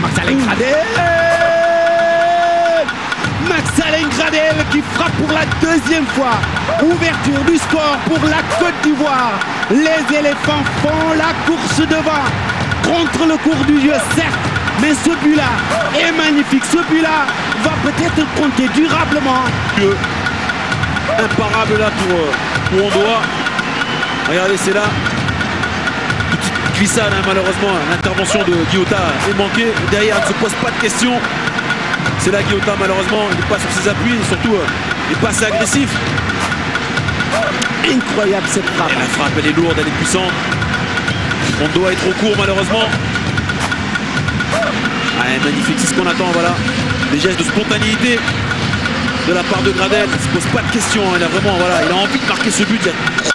Marcel Encradé mmh.
Salem Gradel qui frappe pour la deuxième fois. Ouverture du score pour la Côte d'Ivoire. Les éléphants font la course devant. Contre le cours du jeu, certes, mais ce but-là est magnifique. Ce but-là va peut-être compter durablement. Imparable pour, euh, pour Regardez, c'est Petite glissade, malheureusement. L'intervention de Guillota est manquée. Derrière, ne se pose pas de questions. C'est là Guillotin malheureusement, il n'est pas sur ses appuis surtout euh, il pas agressif. Incroyable cette frappe. Et la frappe elle est lourde, elle est puissante. On doit être au court malheureusement. Ah, magnifique, c'est gestes de spontanéité de la part de Gradel, il se pose pas de questions, il a vraiment voilà, il a envie de marquer ce but. C'est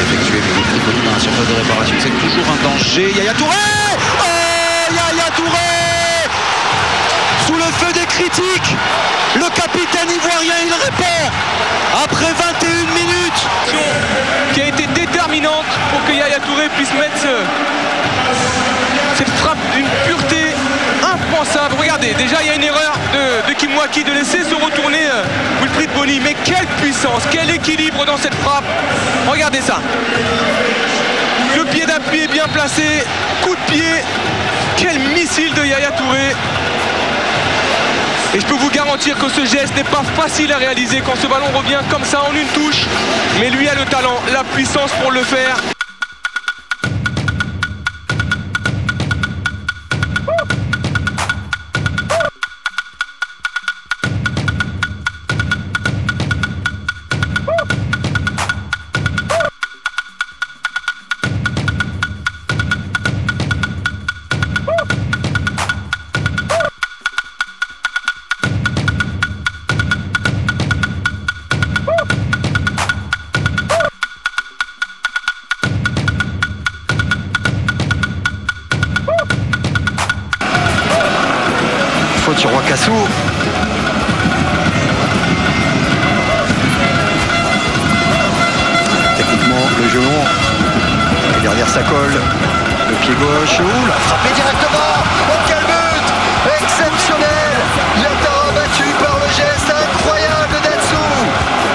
effectué, mais
vous dans la surface de réparation, c'est toujours un danger. Yaya Touré
critique. Le capitaine ivoirien, il répond après 21 minutes. Qui a été déterminante pour que Yaya puisse mettre cette frappe d'une pureté impensable. Regardez, déjà il y a une erreur de, de Kimwaki de laisser se retourner euh, Wilfried Bonny. Mais quelle puissance, quel équilibre dans cette frappe. Regardez ça. Le pied d'appui est bien placé. Coup de pied. Quel missile de Yaya Et je peux vous garantir que ce geste n'est pas facile à réaliser quand ce ballon revient comme ça en une touche. Mais lui a le talent, la puissance pour le faire.
le genou. Et Le pied gauche. Ouh là,
frappé directement. Oh quel
but Exceptionnel battu par le geste incroyable d'Atsu.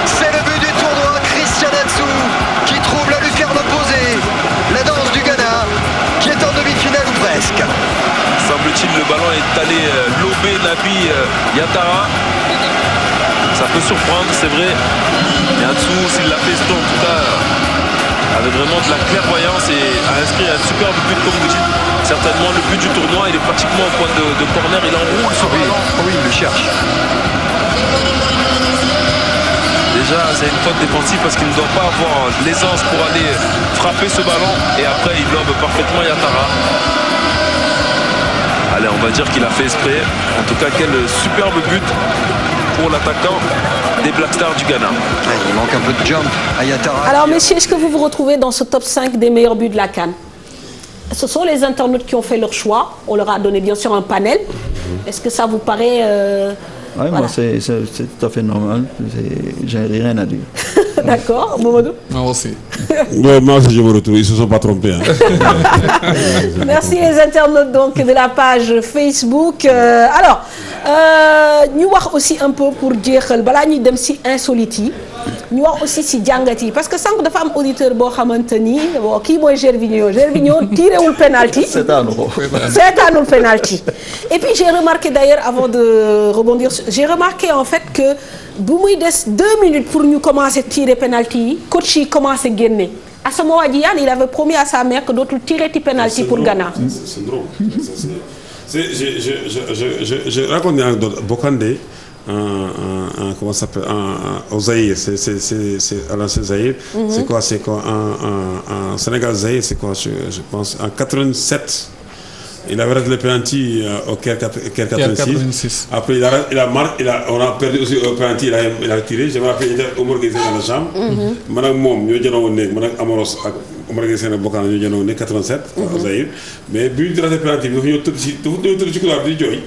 C'est le but du tournoi Christian Atsu qui trouve la lucarne opposée. La danse du Ghana qui est en demi-finale presque. Semble-t-il le ballon est allé euh, lober Nabi euh, Yatara. Ça peut surprendre, c'est vrai.
Mais Atsu, l'a
fait, en tout avec vraiment de la clairvoyance et a inscrit un superbe but comme vous Certainement le but du tournoi, il est pratiquement au point de, corner, il enroule ce ballon. le cherche. Déjà, c'est une faute défensive parce qu'il ne doit pas avoir l'aisance pour aller frapper ce ballon. Et après, il lobe parfaitement Yatara. Allez, on va dire qu'il a fait esprit. En tout cas, quel superbe but pour l'attaquant des Black Stars du Ghana. Il manque un peu de jump. Ayatara. Alors
messieurs, est-ce que vous vous retrouvez dans ce top 5 des meilleurs buts de la Cannes ce sont les internautes qui ont fait leur choix. On leur a donné bien sûr un panel. Est-ce que ça vous paraît... Euh, oui, voilà.
c'est tout à fait normal. J'ai rien à dire.
<laughs> D'accord, Momodou
Moi aussi. Mais moi aussi, je me retrouve. Ils ne se sont pas trompés. Hein.
<laughs> Merci les internautes donc de la page Facebook. Euh, alors, ñu wax aussi un peu pour jeexal balaa ñuy dem si insolite yi ñu wax aussi si jàngat yi parce que sànq dafa am auditeur boo xamante ni bon kii mooy Gervinho Gervinho tiréwul penalty <laughs> seetaanul penalty et puis j'ai remarqué d'ailleurs avant de rebondir j'ai remarqué en fait bu muy des deux minutes pour ñu commencer tirer penalty yi coach yi commencé génne a Gyan il avait promis à sa mère que dootul tirer ti penalty pour Ghana
je je je je raconte une anecdote Bocandé en en en comment ça s'appelle en en au Zaïre c'est c'est c'est c'est à la Zaïre. Mhm. c'est quoi c'est quoi en en en Sénégal Zaïre c'est quoi je je pense en 87. Il avait raté le penalty euh, au Caire 86. Après il a il a marqué il a on a perdu aussi au penalty il a il a tiré je me rappelle il était homologué dans la chambre. Mhm. man ak moom ñoo jëloon woon néeg man ak Amoros ak. Omar Gueye Sène bokkaan ñoo jëndoo ne 87. Zaïre mais bi ñu traité penalty bi dafa ñoo tëdd ci dafa ñoo tëdd ci couloir bi di jooy.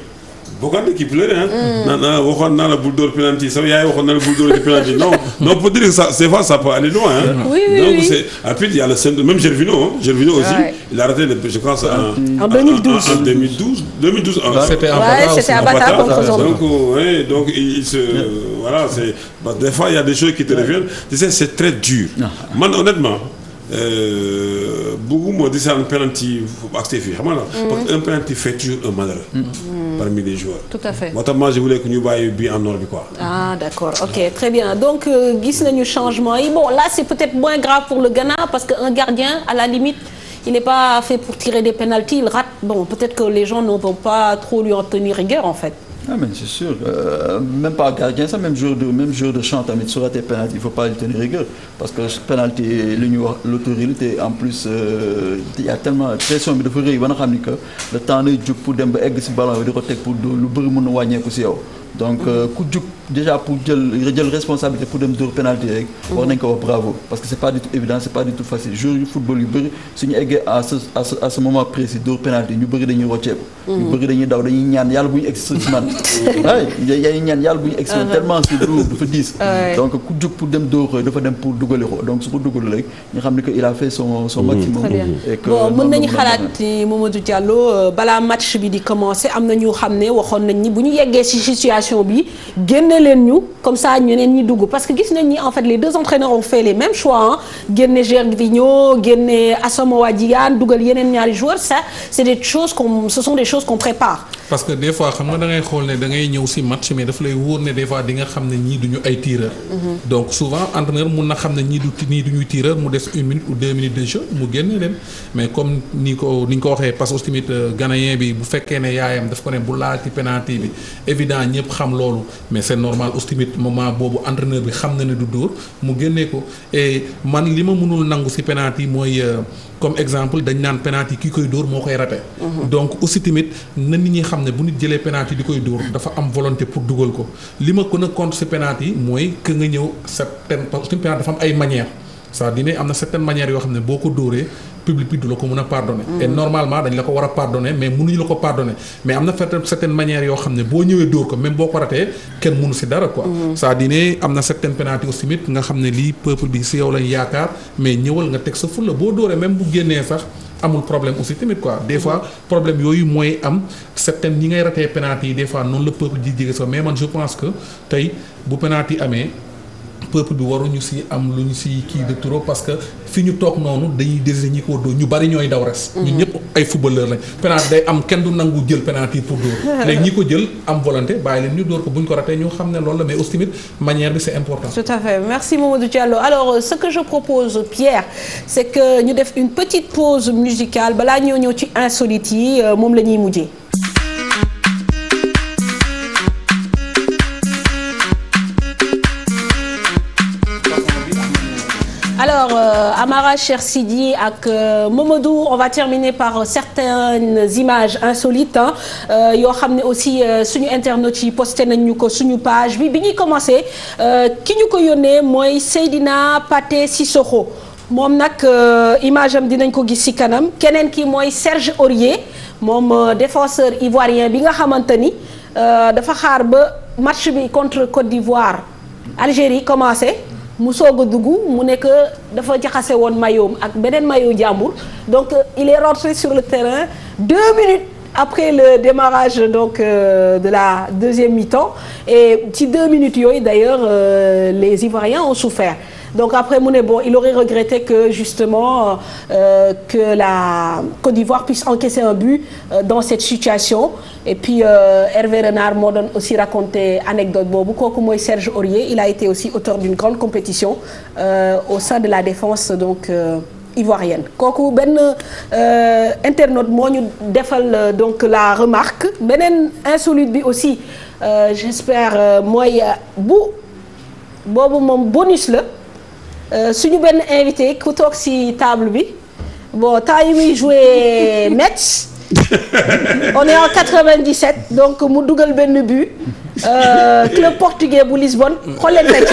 bokkaan équipe la de ah. Mm. naan ah, la bul dóor penalty sama yaay waxoon la bul dóor penalty non dire que c'est vrai ça loin. donc c'est et il y a le même Gervinho Gervinho aussi. il a raté je pense en. en 2012 en 2012 2012 ah. c'était euh, à c'est très dur man honnêtement. Euh, bëgguma di saan penalty bu accès fii xam nga mhm. parce que un penalty fait toujours un malheureux.
Mhm.
parmi les joueurs.
tout à fait moo tax
man je voulais que ñu bàyyi bi en or bi quoi.
ah d' accord ok très bien donc euh, gis nañu changement yi bon là c' est peut être moins grave pour le Ghana parce que un gardien à la limite. il n'est pas fait pour tirer des pénalties, il rate. Bon, peut-être que les gens ne vont pas trop lui en tenir rigueur, en fait.
Ah mais c'est sûr euh, même pas gardien sax même joueur de même joueur de champ tamit su raté il faut pas lui tenir rigueur parce que penalty lu ñu wax lu l'autorité en plus euh, y a tellement pression bi dafa rëy ba nga xam ni que le temps lay jug pour dem ba egg si ballon bi di ko teg pou lu bëri mun a wàññeeku si yow donc euh, ku jug déjà pour jël jël responsabilité pour dem dóor pénalité rek war nañ ko wax bravo parce que c'est pas du tout évident c'est pas du tout facile joueurs yu football yu bëri suñu eggee à ce moment précis dóor pénalité ñu bëri dañuy rocceeku ñu mhm. bëri dañuy daw dañuy ñaan yàlla bu ñu egsi si man dañuy <laughs> ñaan yàlla bu ñu egsi si uh-huh. lourd dafa diis <laughs> donc ku jug pour dem dóor ko dafa dem ko il a fait son son mhm. maximum et nañu xalaat
ni Mamadou Diallo euh, balaa match bi di commencer am na ñu boole leen ñu comme ça ñeneen ñi dugg parce que gis nañ ni en fait les deux entraîneurs ont fait les mêmes choix génne Gervinho génne Asamoah Gyan dugal yeneen ñaari joueurs ça c' est des choses qu'on ce sont des choses qu'on prépare.
parce que des fois xam nga da ngay xool ne da ngay ñëw si match mais daf lay wóor ne des fois di nga xam ne ñii duñu ay tireur. Mm-hmm. donc souvent entraîneur mun na xam ne ñii du ñii duñuy tireur mu des une minute ou deux minutes de jeu mu génne leen mais ni ko ni ñu ko waxee que tamit euh, ghanéen bi bu fekkee ne yaayam daf ko ne bu laal ci penalty bi évident ñëpp xam loolu normal aussi tamit moment boobu entraîneur bi xam na ne du dóor mu génnee ko man li ma mënul nangu si penalty yi mooy euh, comme exemple dañ naan penalty yi kii koy dóor moo koy rate mhm. donc aussi tamit na nit ñi xam ne bu nit jëlee penalty yi di koy dóor dafa am volonté pour dugal ko li ma kon a contre si penalty yi mooy que nga ñëw sa ten parce dafa am ay manière saa à dire ne am na certaine manière yoo xam ne boo ko dóoree public bi du la ko mën a pardonné mm. et normalement dañ la ko war a pardonné mais mënuñu la ko pardonné mais am na certaine manière yoo xam ne boo ñëwee dóor ko même boo ko ratee si dara quoi mm. am na certaine pénalité aussi tamit nga xam ne lii peuple bi si yow lañ yaakaar mais nga teg sa fulla boo dóoree même bu génnee sax amul problème aussi tamit quoi des fois problème yooyu mooy am certaine ñi ngay ratee pénalité yi des fois noonu la peuple di jege sax mais man je pense que tey bu pénalité amee peuple bi waruñu si am lu ñu si kii de trop parce que fi ñu toog noonu dañuy désigner ko dóor ñu bari ñooy daw res. Mm-hmm. ñun ñëpp ay footballeur lañ. penalty day am kenn du nangu jël penalty pour dóor. léegi <laughs> ñi ko jël am volonté bàyyi leen ñu dóor ko bu ñu ko ratee ñu xam ne loolu la mais aussi tamit manière bi c'est important.
tout à fait merci Mamadou Diallo alors euh, ce que je propose Pierre c'est que ñu def une petite pause musicale balaa ñoo ñëw ci insolites yi euh, moom la ñuy mujjee. Amara Cher Sidi ak euh, Mamadou on va terminer par euh, certaines images insolites euh, yoo xam ne aussi suñu internautes yi posté nañ ñu ko suñu page bi bi ñuy commencé ki ñu ko yónnee mooy Seydina si Sissoko moom nag image am dinañ ko gis ci kanam keneen ki mooy Serge Aurier moom défenseur ivoirien bi nga xamante ni dafa xaar ba match bi contre Côte d'Ivoire Algérie commencé. mu soog a dugg mu nekk dafa jaxase woon mayoom ak beneen mayo jàmbur donc euh, il est rentré sur le terrain deux minutes après le démarrage donc euh, de la deuxième mi-temps et ci deux minutes yooyu d'ailleurs euh, les Ivoiriens ont souffert Donc après mu ne bon il aurait regretté que justement euh, que la Côte d'Ivoire puisse encaisser un but euh, dans cette situation et puis euh, Hervé Renard moo doon aussi raconté anecdote boobu kooku mooy Serge Aurier il a été aussi auteur d'une grande compétition euh, au sein de la défense donc euh, ivoirienne kooku benn euh, internaute moo ñu defal donc la remarque beneen insolite bi aussi j'espère mooy bu boobu moom bonus la Euh, suñu benn invité ku toog si table bi bon temps yi muy joué <laughs> match <laughs> on est en 97 donc mu dugal benn but euh, club portugais bu Lisbonne xool leen teg <laughs>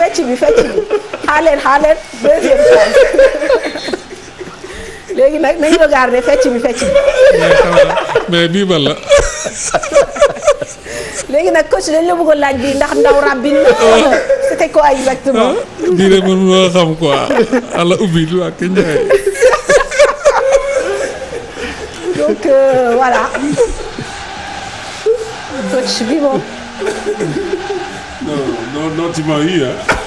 fecc bi fecc bi xaar leen xaar léegi nag nañu regarder fecc bi fecc bi.
mais bii ban la.
léegi nag coach dañ la bëggoon laaj bi ndax ndaw rabbi na. c'était quoi exactement.
di de mën moo xam quoi ala ubbi du ak njaay.
donc euh, voilà. coach bi moom. non non non tu m'as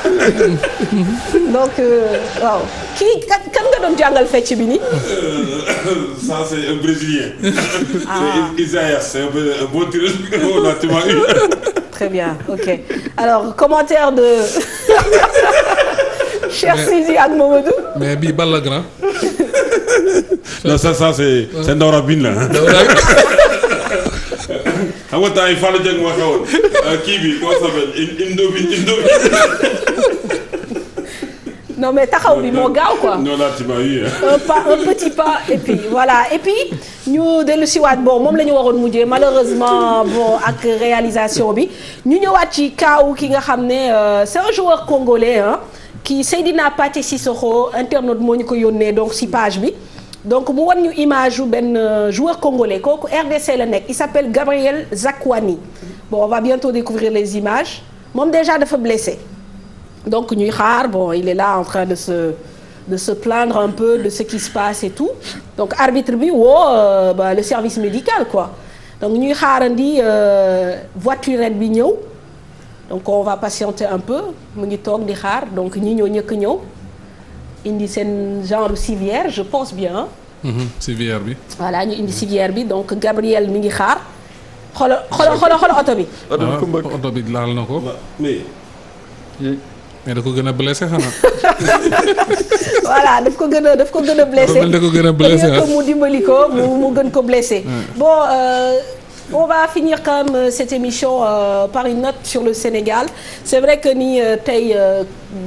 <laughs> donc euh, waaw kii kan nga doon jàngal fecc
<coughs> c'est un brésilien. Ah. c'est un
bon tireur <laughs> oh,
<laughs> très bien ok alors commentaire de. Cher Sidi ak
mais bii bal grand.
non ça c'est c'est Ndawra Bin la. xam nga temps yi Fallou Dieng moo xewoon euh, kii bi comment ça s'appelle Indomie
non mais taxaw bi moo gaaw quoi non là tu m'as eu un pas un petit pas et puis voilà et puis ñu dellu siwaat bon moom la ñu waroon mujjee malheureusement bon ak réalisation bi ñu ñëwaat ci kaaw ki nga xam ne euh, c'est un joueur congolais hein qui Seydina Pathé Sissoko internaute moo ñu ko yónnee donc si page bi donc mu wan ñu image yu benn euh, joueur congolais kooku RDC la nekk il s'appelle Gabriel Zakwani bon on va bientôt découvrir les images moom de dafa blessé donc ñuy xaar bon il est là en train de se de se plaindre un peu de ce qui se passe et tout donc arbitre bi woo euh, bah, le service médical quoi donc ñuy xaarandi euh, voiturette bi ñëw donc on va patienter un peu mu ngi toog di xaar donc ñi ñoo ñëkk ñëw indi seen genre civière je pense bien.
Mhm, civière bi.
voilà ñu indi civière bi donc Gabriel mi ngi xaar xoolal xoolal xoolal oto bi.
Ah, ah, oto bi laal na ko. mais da ko gën a blessé xanaa.
<laughs> voilà daf ko gën a daf ko gën a blessé. ko gën a blessé ah. mu dimbali ko mu gën ko blessé. Euh, on va finir quand même euh, émission euh, par une note sur le Sénégal c'est vrai que ni euh, tey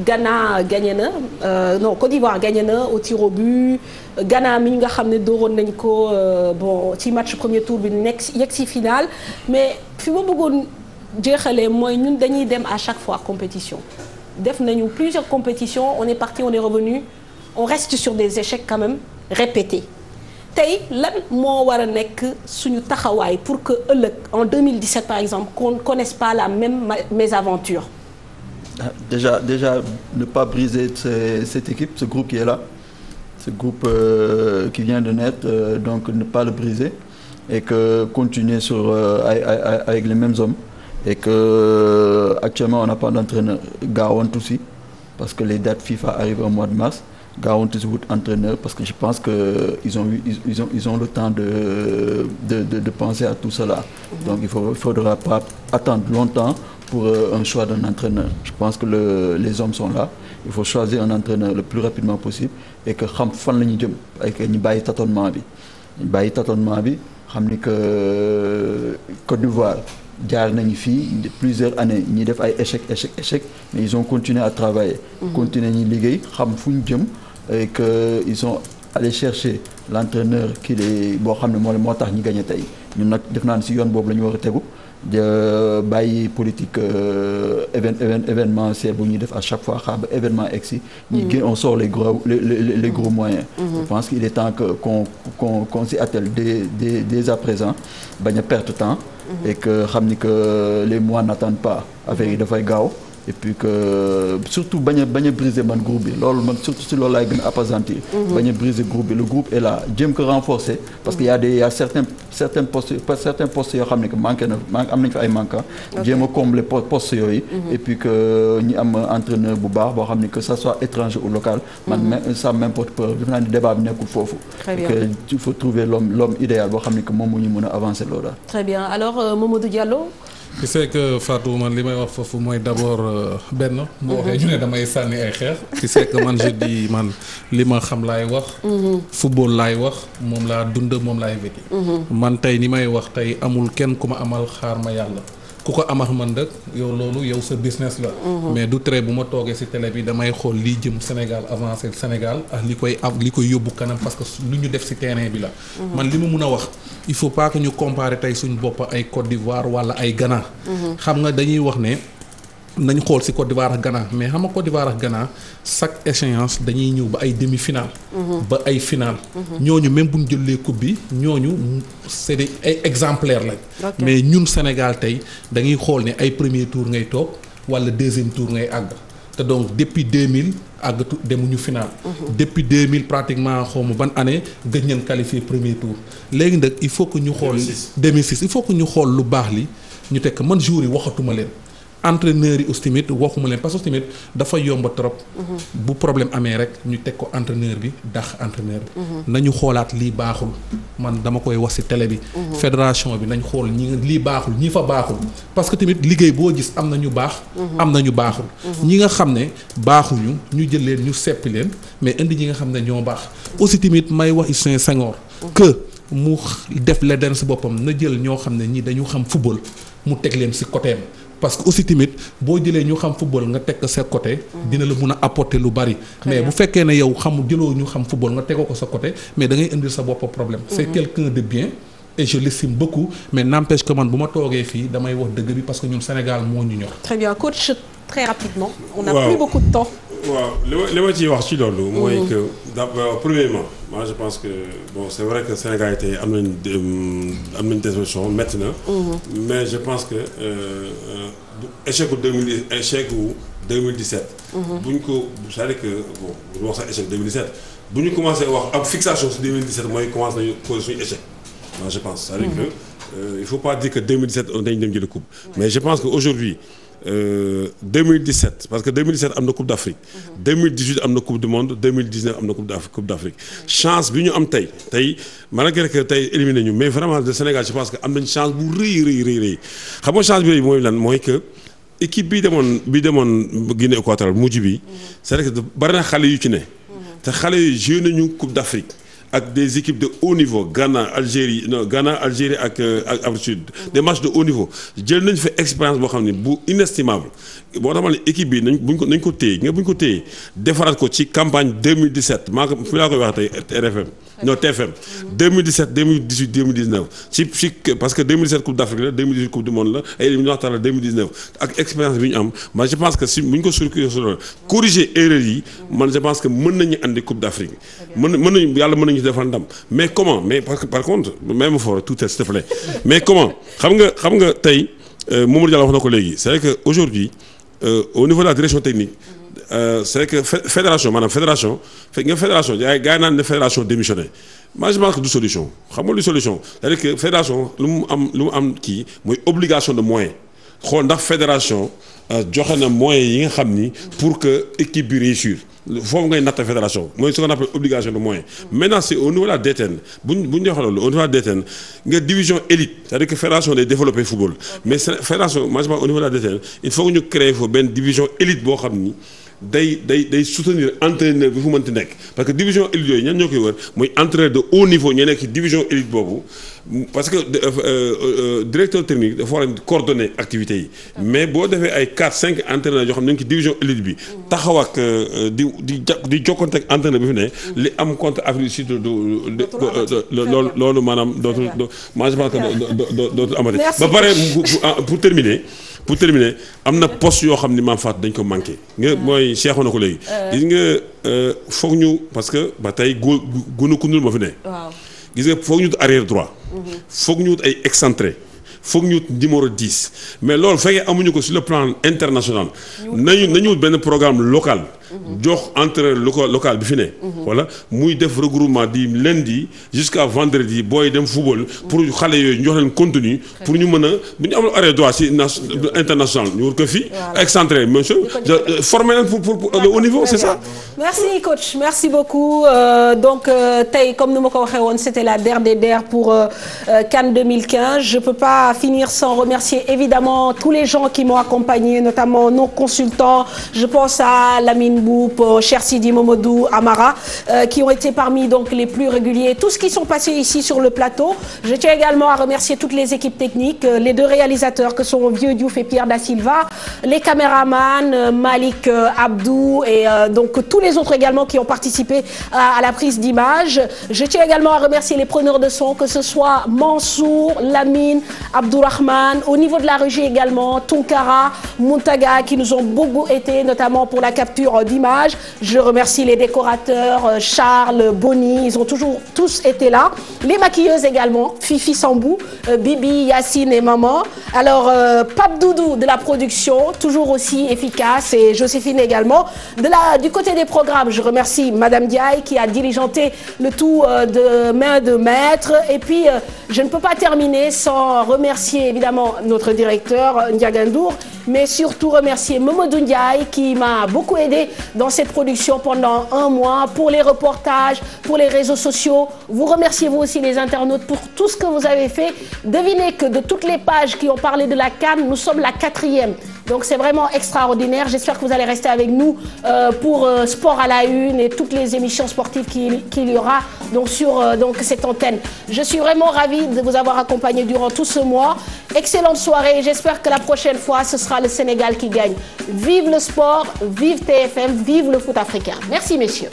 Ghana gagné na euh, non Côte d'Ivoire gagné na au tir au but Ghana mi nga xam ne dooroon nañ ko bon ci match premier tour bi nekk yegg si finale mais fi ma bëggoon jeexalee mooy ñun dañuy dem à chaque fois compétition def nañu plusieurs compétitions on est parti on est revenu on reste sur des échecs quand même répétés tey lan moo war a nekk suñu taxawaay pour que ëllëg en 2017 par exemple qu'on ne connaisse pas la même mésaventure
ah, déjà déjà ne pas briser ce, cette équipe ce groupe qui est là ce groupe euh, qui vient de naître euh, donc ne pas le briser et que continuer sur euh, avec les mêmes hommes et euh, actuellement on n'a pas d'entraîneur Gaawant aussi parce que les dates FIFA arrivent au mois de mars gaawante si wut entraîneur parce que je pense que ils ont le temps de penser à tout cela donc il faut il faudra pas attendre longtemps pour euh, un choix d'un entraîneur je pense que le les hommes sont là il faut choisir un entraîneur le plus rapidement possible et que xam fan la ñu jëm et que ñu bàyyi tâtonnement bi ñu bàyyi tâtonnement bi xam ni que euh, Côte d'Ivoire jaar nañu fii plusieurs années ñi def ay échec échec échec mais ils ont continué à travailler mmh. continuer et que ils sont allés chercher l'entraîneur qui les boo xam ne moo moo tax ñu gagné tey ñun nag def naa ne si yoon boobu la ñu war a tegu de euh, bàyyi politique euh, événement événementiel bu ñu def à chaque fois xaar ba événement egg si. ñu mm-hmm. génn on sort les gros moyens. Mm -hmm. je pense est temps que qu'on qu'on qu'on s'y attelle dès dès dès à présent bañ a perdre temps. Mm-hmm. et que xam ni que euh, les mois n'attendent pas affaire yi mm-hmm. dafay gaaw. et puis que surtout bañ a briser man groupe bi loolu man surtout si loolu laay gën a appesantir. Mhm. briser groupe bi le groupe est là jéem ko renforcer. parce que y a des certains certains postes certains xam ne que manqué na man am nañu fa ay manquants. jéem a combler postes yooyu. Mhm. et que ñu am entraîneur bu baax boo xam ne que ça soit étranger ou local. man même ça m'importe peu naa ni débat bi nekkul foofu. e bien que il faut trouver l'homme l'homme
tu sais que Fatou man li may wax foofu mooy d'abord euh, benn. boo mhm. waxee ñu damay sànni ay xeex. ci sais que man je man li ma xam laay wax. Mhm. football laay wax moom laa dund moom laay véti. Mhm. man tey ni may wax tey amul kenn ku ma amal xaar ma yàlla. ku ko amax man dëkk yow loolu yow sa business la. Mhm. mais du trait bu ma toogee ci télé bi damay xool lii jëm Sénégal avancé Sénégal ak li koy av li koy yóbbu kanam parce lu ñu def ci terrain bi la. Mhm. man li ma mun a wax il faut pas que ñu comparer tey suñu bopp ay Côte d'Ivoire walla ay Ghana. Mhm. xam nga dañuy wax ne. nañ xool si Côte d'Ivoire ak mais xam a Côte d'Ivoire ak Ghana chaque échéance dañuy ñëw ba ay demi finale mhm. ba ay finale mhm. ñooñu même bu ñu jëlee coupe bi ñooñu c'est ay exemplaires lañ. mais ñun Sénégal tey dañuy xool ne ay premier tour ngay toog wala deuxième tour ngay àgg te donc depuis 2000 àggatu demuñu final. Mhm. depuis mille pratiquement xaw ma ban année gëj ngeen qualifié premier tour léegi nag il faut que ñu xool. 2006 il faut ñu xool lu baax li ñu tekk man jour yi waxatuma leen. entraîneurs yi aussi tamit waxuma leen parce que tamit dafa yomb trop. bu problème amee rek ñu teg ko entraîneur bi dax entraîneur bi. nañu xoolaat lii baaxul man dama koy wax ci télé bi. fédération bi nañ xool ñi lii baaxul ñi fa baaxul. parce que tamit liggéey boo gis am na ñu baax. am na ñu baaxul. ñi nga xam ne baaxuñu ñu jël leen ñu seppi leen mais indi ñi nga xam ne ñoo baax. aussi tamit may wax Issaoui Senghor mu def la leneen si boppam na jël ñoo xam ne ñi dañu xam football mu teg leen si côté am parce que aussi tamit boo jëlee ñu xam football nga teg ko sa côté. dina la mun a apporter lu bari. mais bu fekkee ne yow xamu jëloo ñu xam football nga tegoo ko sa côté mais da ngay indil sa bopp problème. Mm-hmm. c'est quelqu'un de bien. et je l'estime beaucoup mais n'empêche que man bu ma toogee fii damay wax dëgg bi parce que ñun Sénégal moo ñu ñor.
très bien coach a wow. plus waaw
li ma li ma ciy wax ci loolu. mooy mm. que d'abord euh, premièrement moi je pense que bon c'est vrai que Sénégal yi am nañ euh, am nañ déception métti na. Mm-hmm. mais je pense que bu euh, échec bu 2010 échec mm-hmm. bu 2017. bu ñu ko cest à bu ñu wax sax wax ab fixation si 2017 mooy commencé nañu cause échec. moi pense c'est-à-dire mm-hmm. que il faut pas dire que 2017 dem jëli coupe mais je pense que aujourd'hui Euh, 2017 parce que 2017 am na Coupe d'Afrique. 2018 am na Coupe du monde 2019 am na Coupe d'Afrique chance bi ñu am tey tey malgré que tey éliminé ñu mais vraiment de Sénégal je pense que am nañ chance bu rëy rëy rëy nga chance bi rëy mooy lan mooy que équipe bi demoon bi demoon Guinée équatoriale mujj bi. c'est vrai que xale yu ci ne. te xale yi joué nañu Coupe d'Afrique. ak des équipes de haut niveau Ghana Algérie non Ghana ak euh, ak Afrique Sud mm-hmm. des de haut niveau jël nañ fa expérience boo xam ne bu inestimable boo tax ma ne équipe bi nañ ko nañ ko téye nga buñ ko téye defaraat ko ci campagne 2017 maa ko fi laa koy wax tey RFM non TFM mm-hmm. ci ci parce que coupe d' Afrique la 2018 coupe du monde la ay éliminatoires la ak expérience bi ñu am man je pense que si buñ ko su sur corriger erreur yi man je pense que mën nañu andi coupe d' Afrique mën mën defal ndam mais comment mais parce que par contre même fort tout est s'il te plaît mais comment xam nga xam nga tey euh, Mamadou Diallo wax na ko léegi c'est que aujourd'hui euh, au niveau de la direction technique euh, c'est que fédération maanaam fédération fekk nga fédération gaa yi naan ne fédération démissionnaire moi je pense que du solution xam nga lu solution cest que fédération lu mu am lu am kii mooy obligation de moyens xool ndax fédération euh, joxe na moyens yi nga xam ni pour que équipe bi foofu ngay natt fédération mooy ce qu'on appelle obligation de moyens maintenant c'est au niveau de la DTN bu ñu bu ñu joxee loolu au niveau de la DTN division élite cest dire que fédération day développer football mais fédération management au niveau de la il faut que créer foofu benn division élite boo xam ni. day day day soutenir entraîneur bi fu ti nekk parce que division élite yooyu ñan ñoo koy wër muy entraîneur de haut niveau ñoo nekk ci division élite boobu parce que euh, euh, euh, directeur technique dafa war a activité yi mais boo defee ay 4 cinq entraîneurs yoo xam ne ñu ngi ci division élite bi taxaw ak di di di jokkante ak entraîneur bi fi ne li am contre Afrique Sud du loolu loolu maanaam dootul maa je pense que dootul amati ba pare ah, pour terminer pour terminer am na poste yoo xam ni maam Fatou dañ ko manqué nga ah. mooy seexoon na ko léegi euh. gis nga euh, foog ñu parce que ba tey gó gona kundul ma fi ne gis nga foog ñu wut arrière droit mhm. foog ñu wut ay excentré foog ñu wut numéro 10 mais loolu fekkee amuñu ko sur le plan international nañu nañu wut benn programme local jox entraîneur local local bi fi ne. wala muy def regroupement di lundi jusqu'à vendredi booy dem football. pour xale yooyu jox leen contenu. pour ñu mën a arrêt droit si international ñu war ko monsieur formé leen pour haut niveau c'est ça.
merci beaucoup euh, donc euh, tey comme ni ma ko waxee woon c'était la der des der pour euh, CAN je peux pas finir sans remercier évidemment tous les gens qui m'ont accompagné notamment nos consultants je pense Serigne Mboup euh, Cheikh Sidi Mamadou Amara euh, qui ont été parmi donc les plus réguliers tous qui sont passés ici sur le plateau je tiens également à remercier toutes les équipes techniques euh, les deux réalisateurs que sont Vieux Diouf et Pierre Da Silva les caméramans Malik Abdou et donc tous les autres également qui ont participé à, à la prise d'image je tiens également à remercier les preneurs de son que ce soit Mansour Lamine Abdourahmane au niveau de la régie également Tunkara Muntaga la capture d'images. Je remercie les décorateurs, euh, Charles, Bonnie, ils ont toujours tous été là. Les maquilleuses également, Fifi Sambou, euh, Bibi, Yacine et Maman. Euh, Pape Doudou de la production, toujours aussi efficace, et Joséphine également. du côté des programmes, je remercie Madame Diaye qui a diligenté le tout de main de maître. Et puis, je ne peux pas terminer sans remercier évidemment notre directeur, Ndiagandour, mais surtout remercier Mamadou Ndiaye qui m'a beaucoup aidé dans cette production pendant un mois pour les reportages, pour les réseaux sociaux. Vous remerciez vous aussi les internautes pour tout ce que vous avez fait. Devinez que de toutes les pages qui ont parlé de la CAN, nous sommes la quatrième. Donc c'est vraiment extraordinaire. J'espère que vous allez rester avec nous euh, pour euh, Sport à la Une et toutes les émissions sportives qu'il qu y aura donc, sur euh, cette antenne. Je suis vraiment ravie de vous avoir accompagné durant tout ce mois. Excellente soirée et j'espère que la prochaine fois, ce sera le Sénégal qui gagne. Vive le sport, vive TFM, vive le foot africain. Merci messieurs.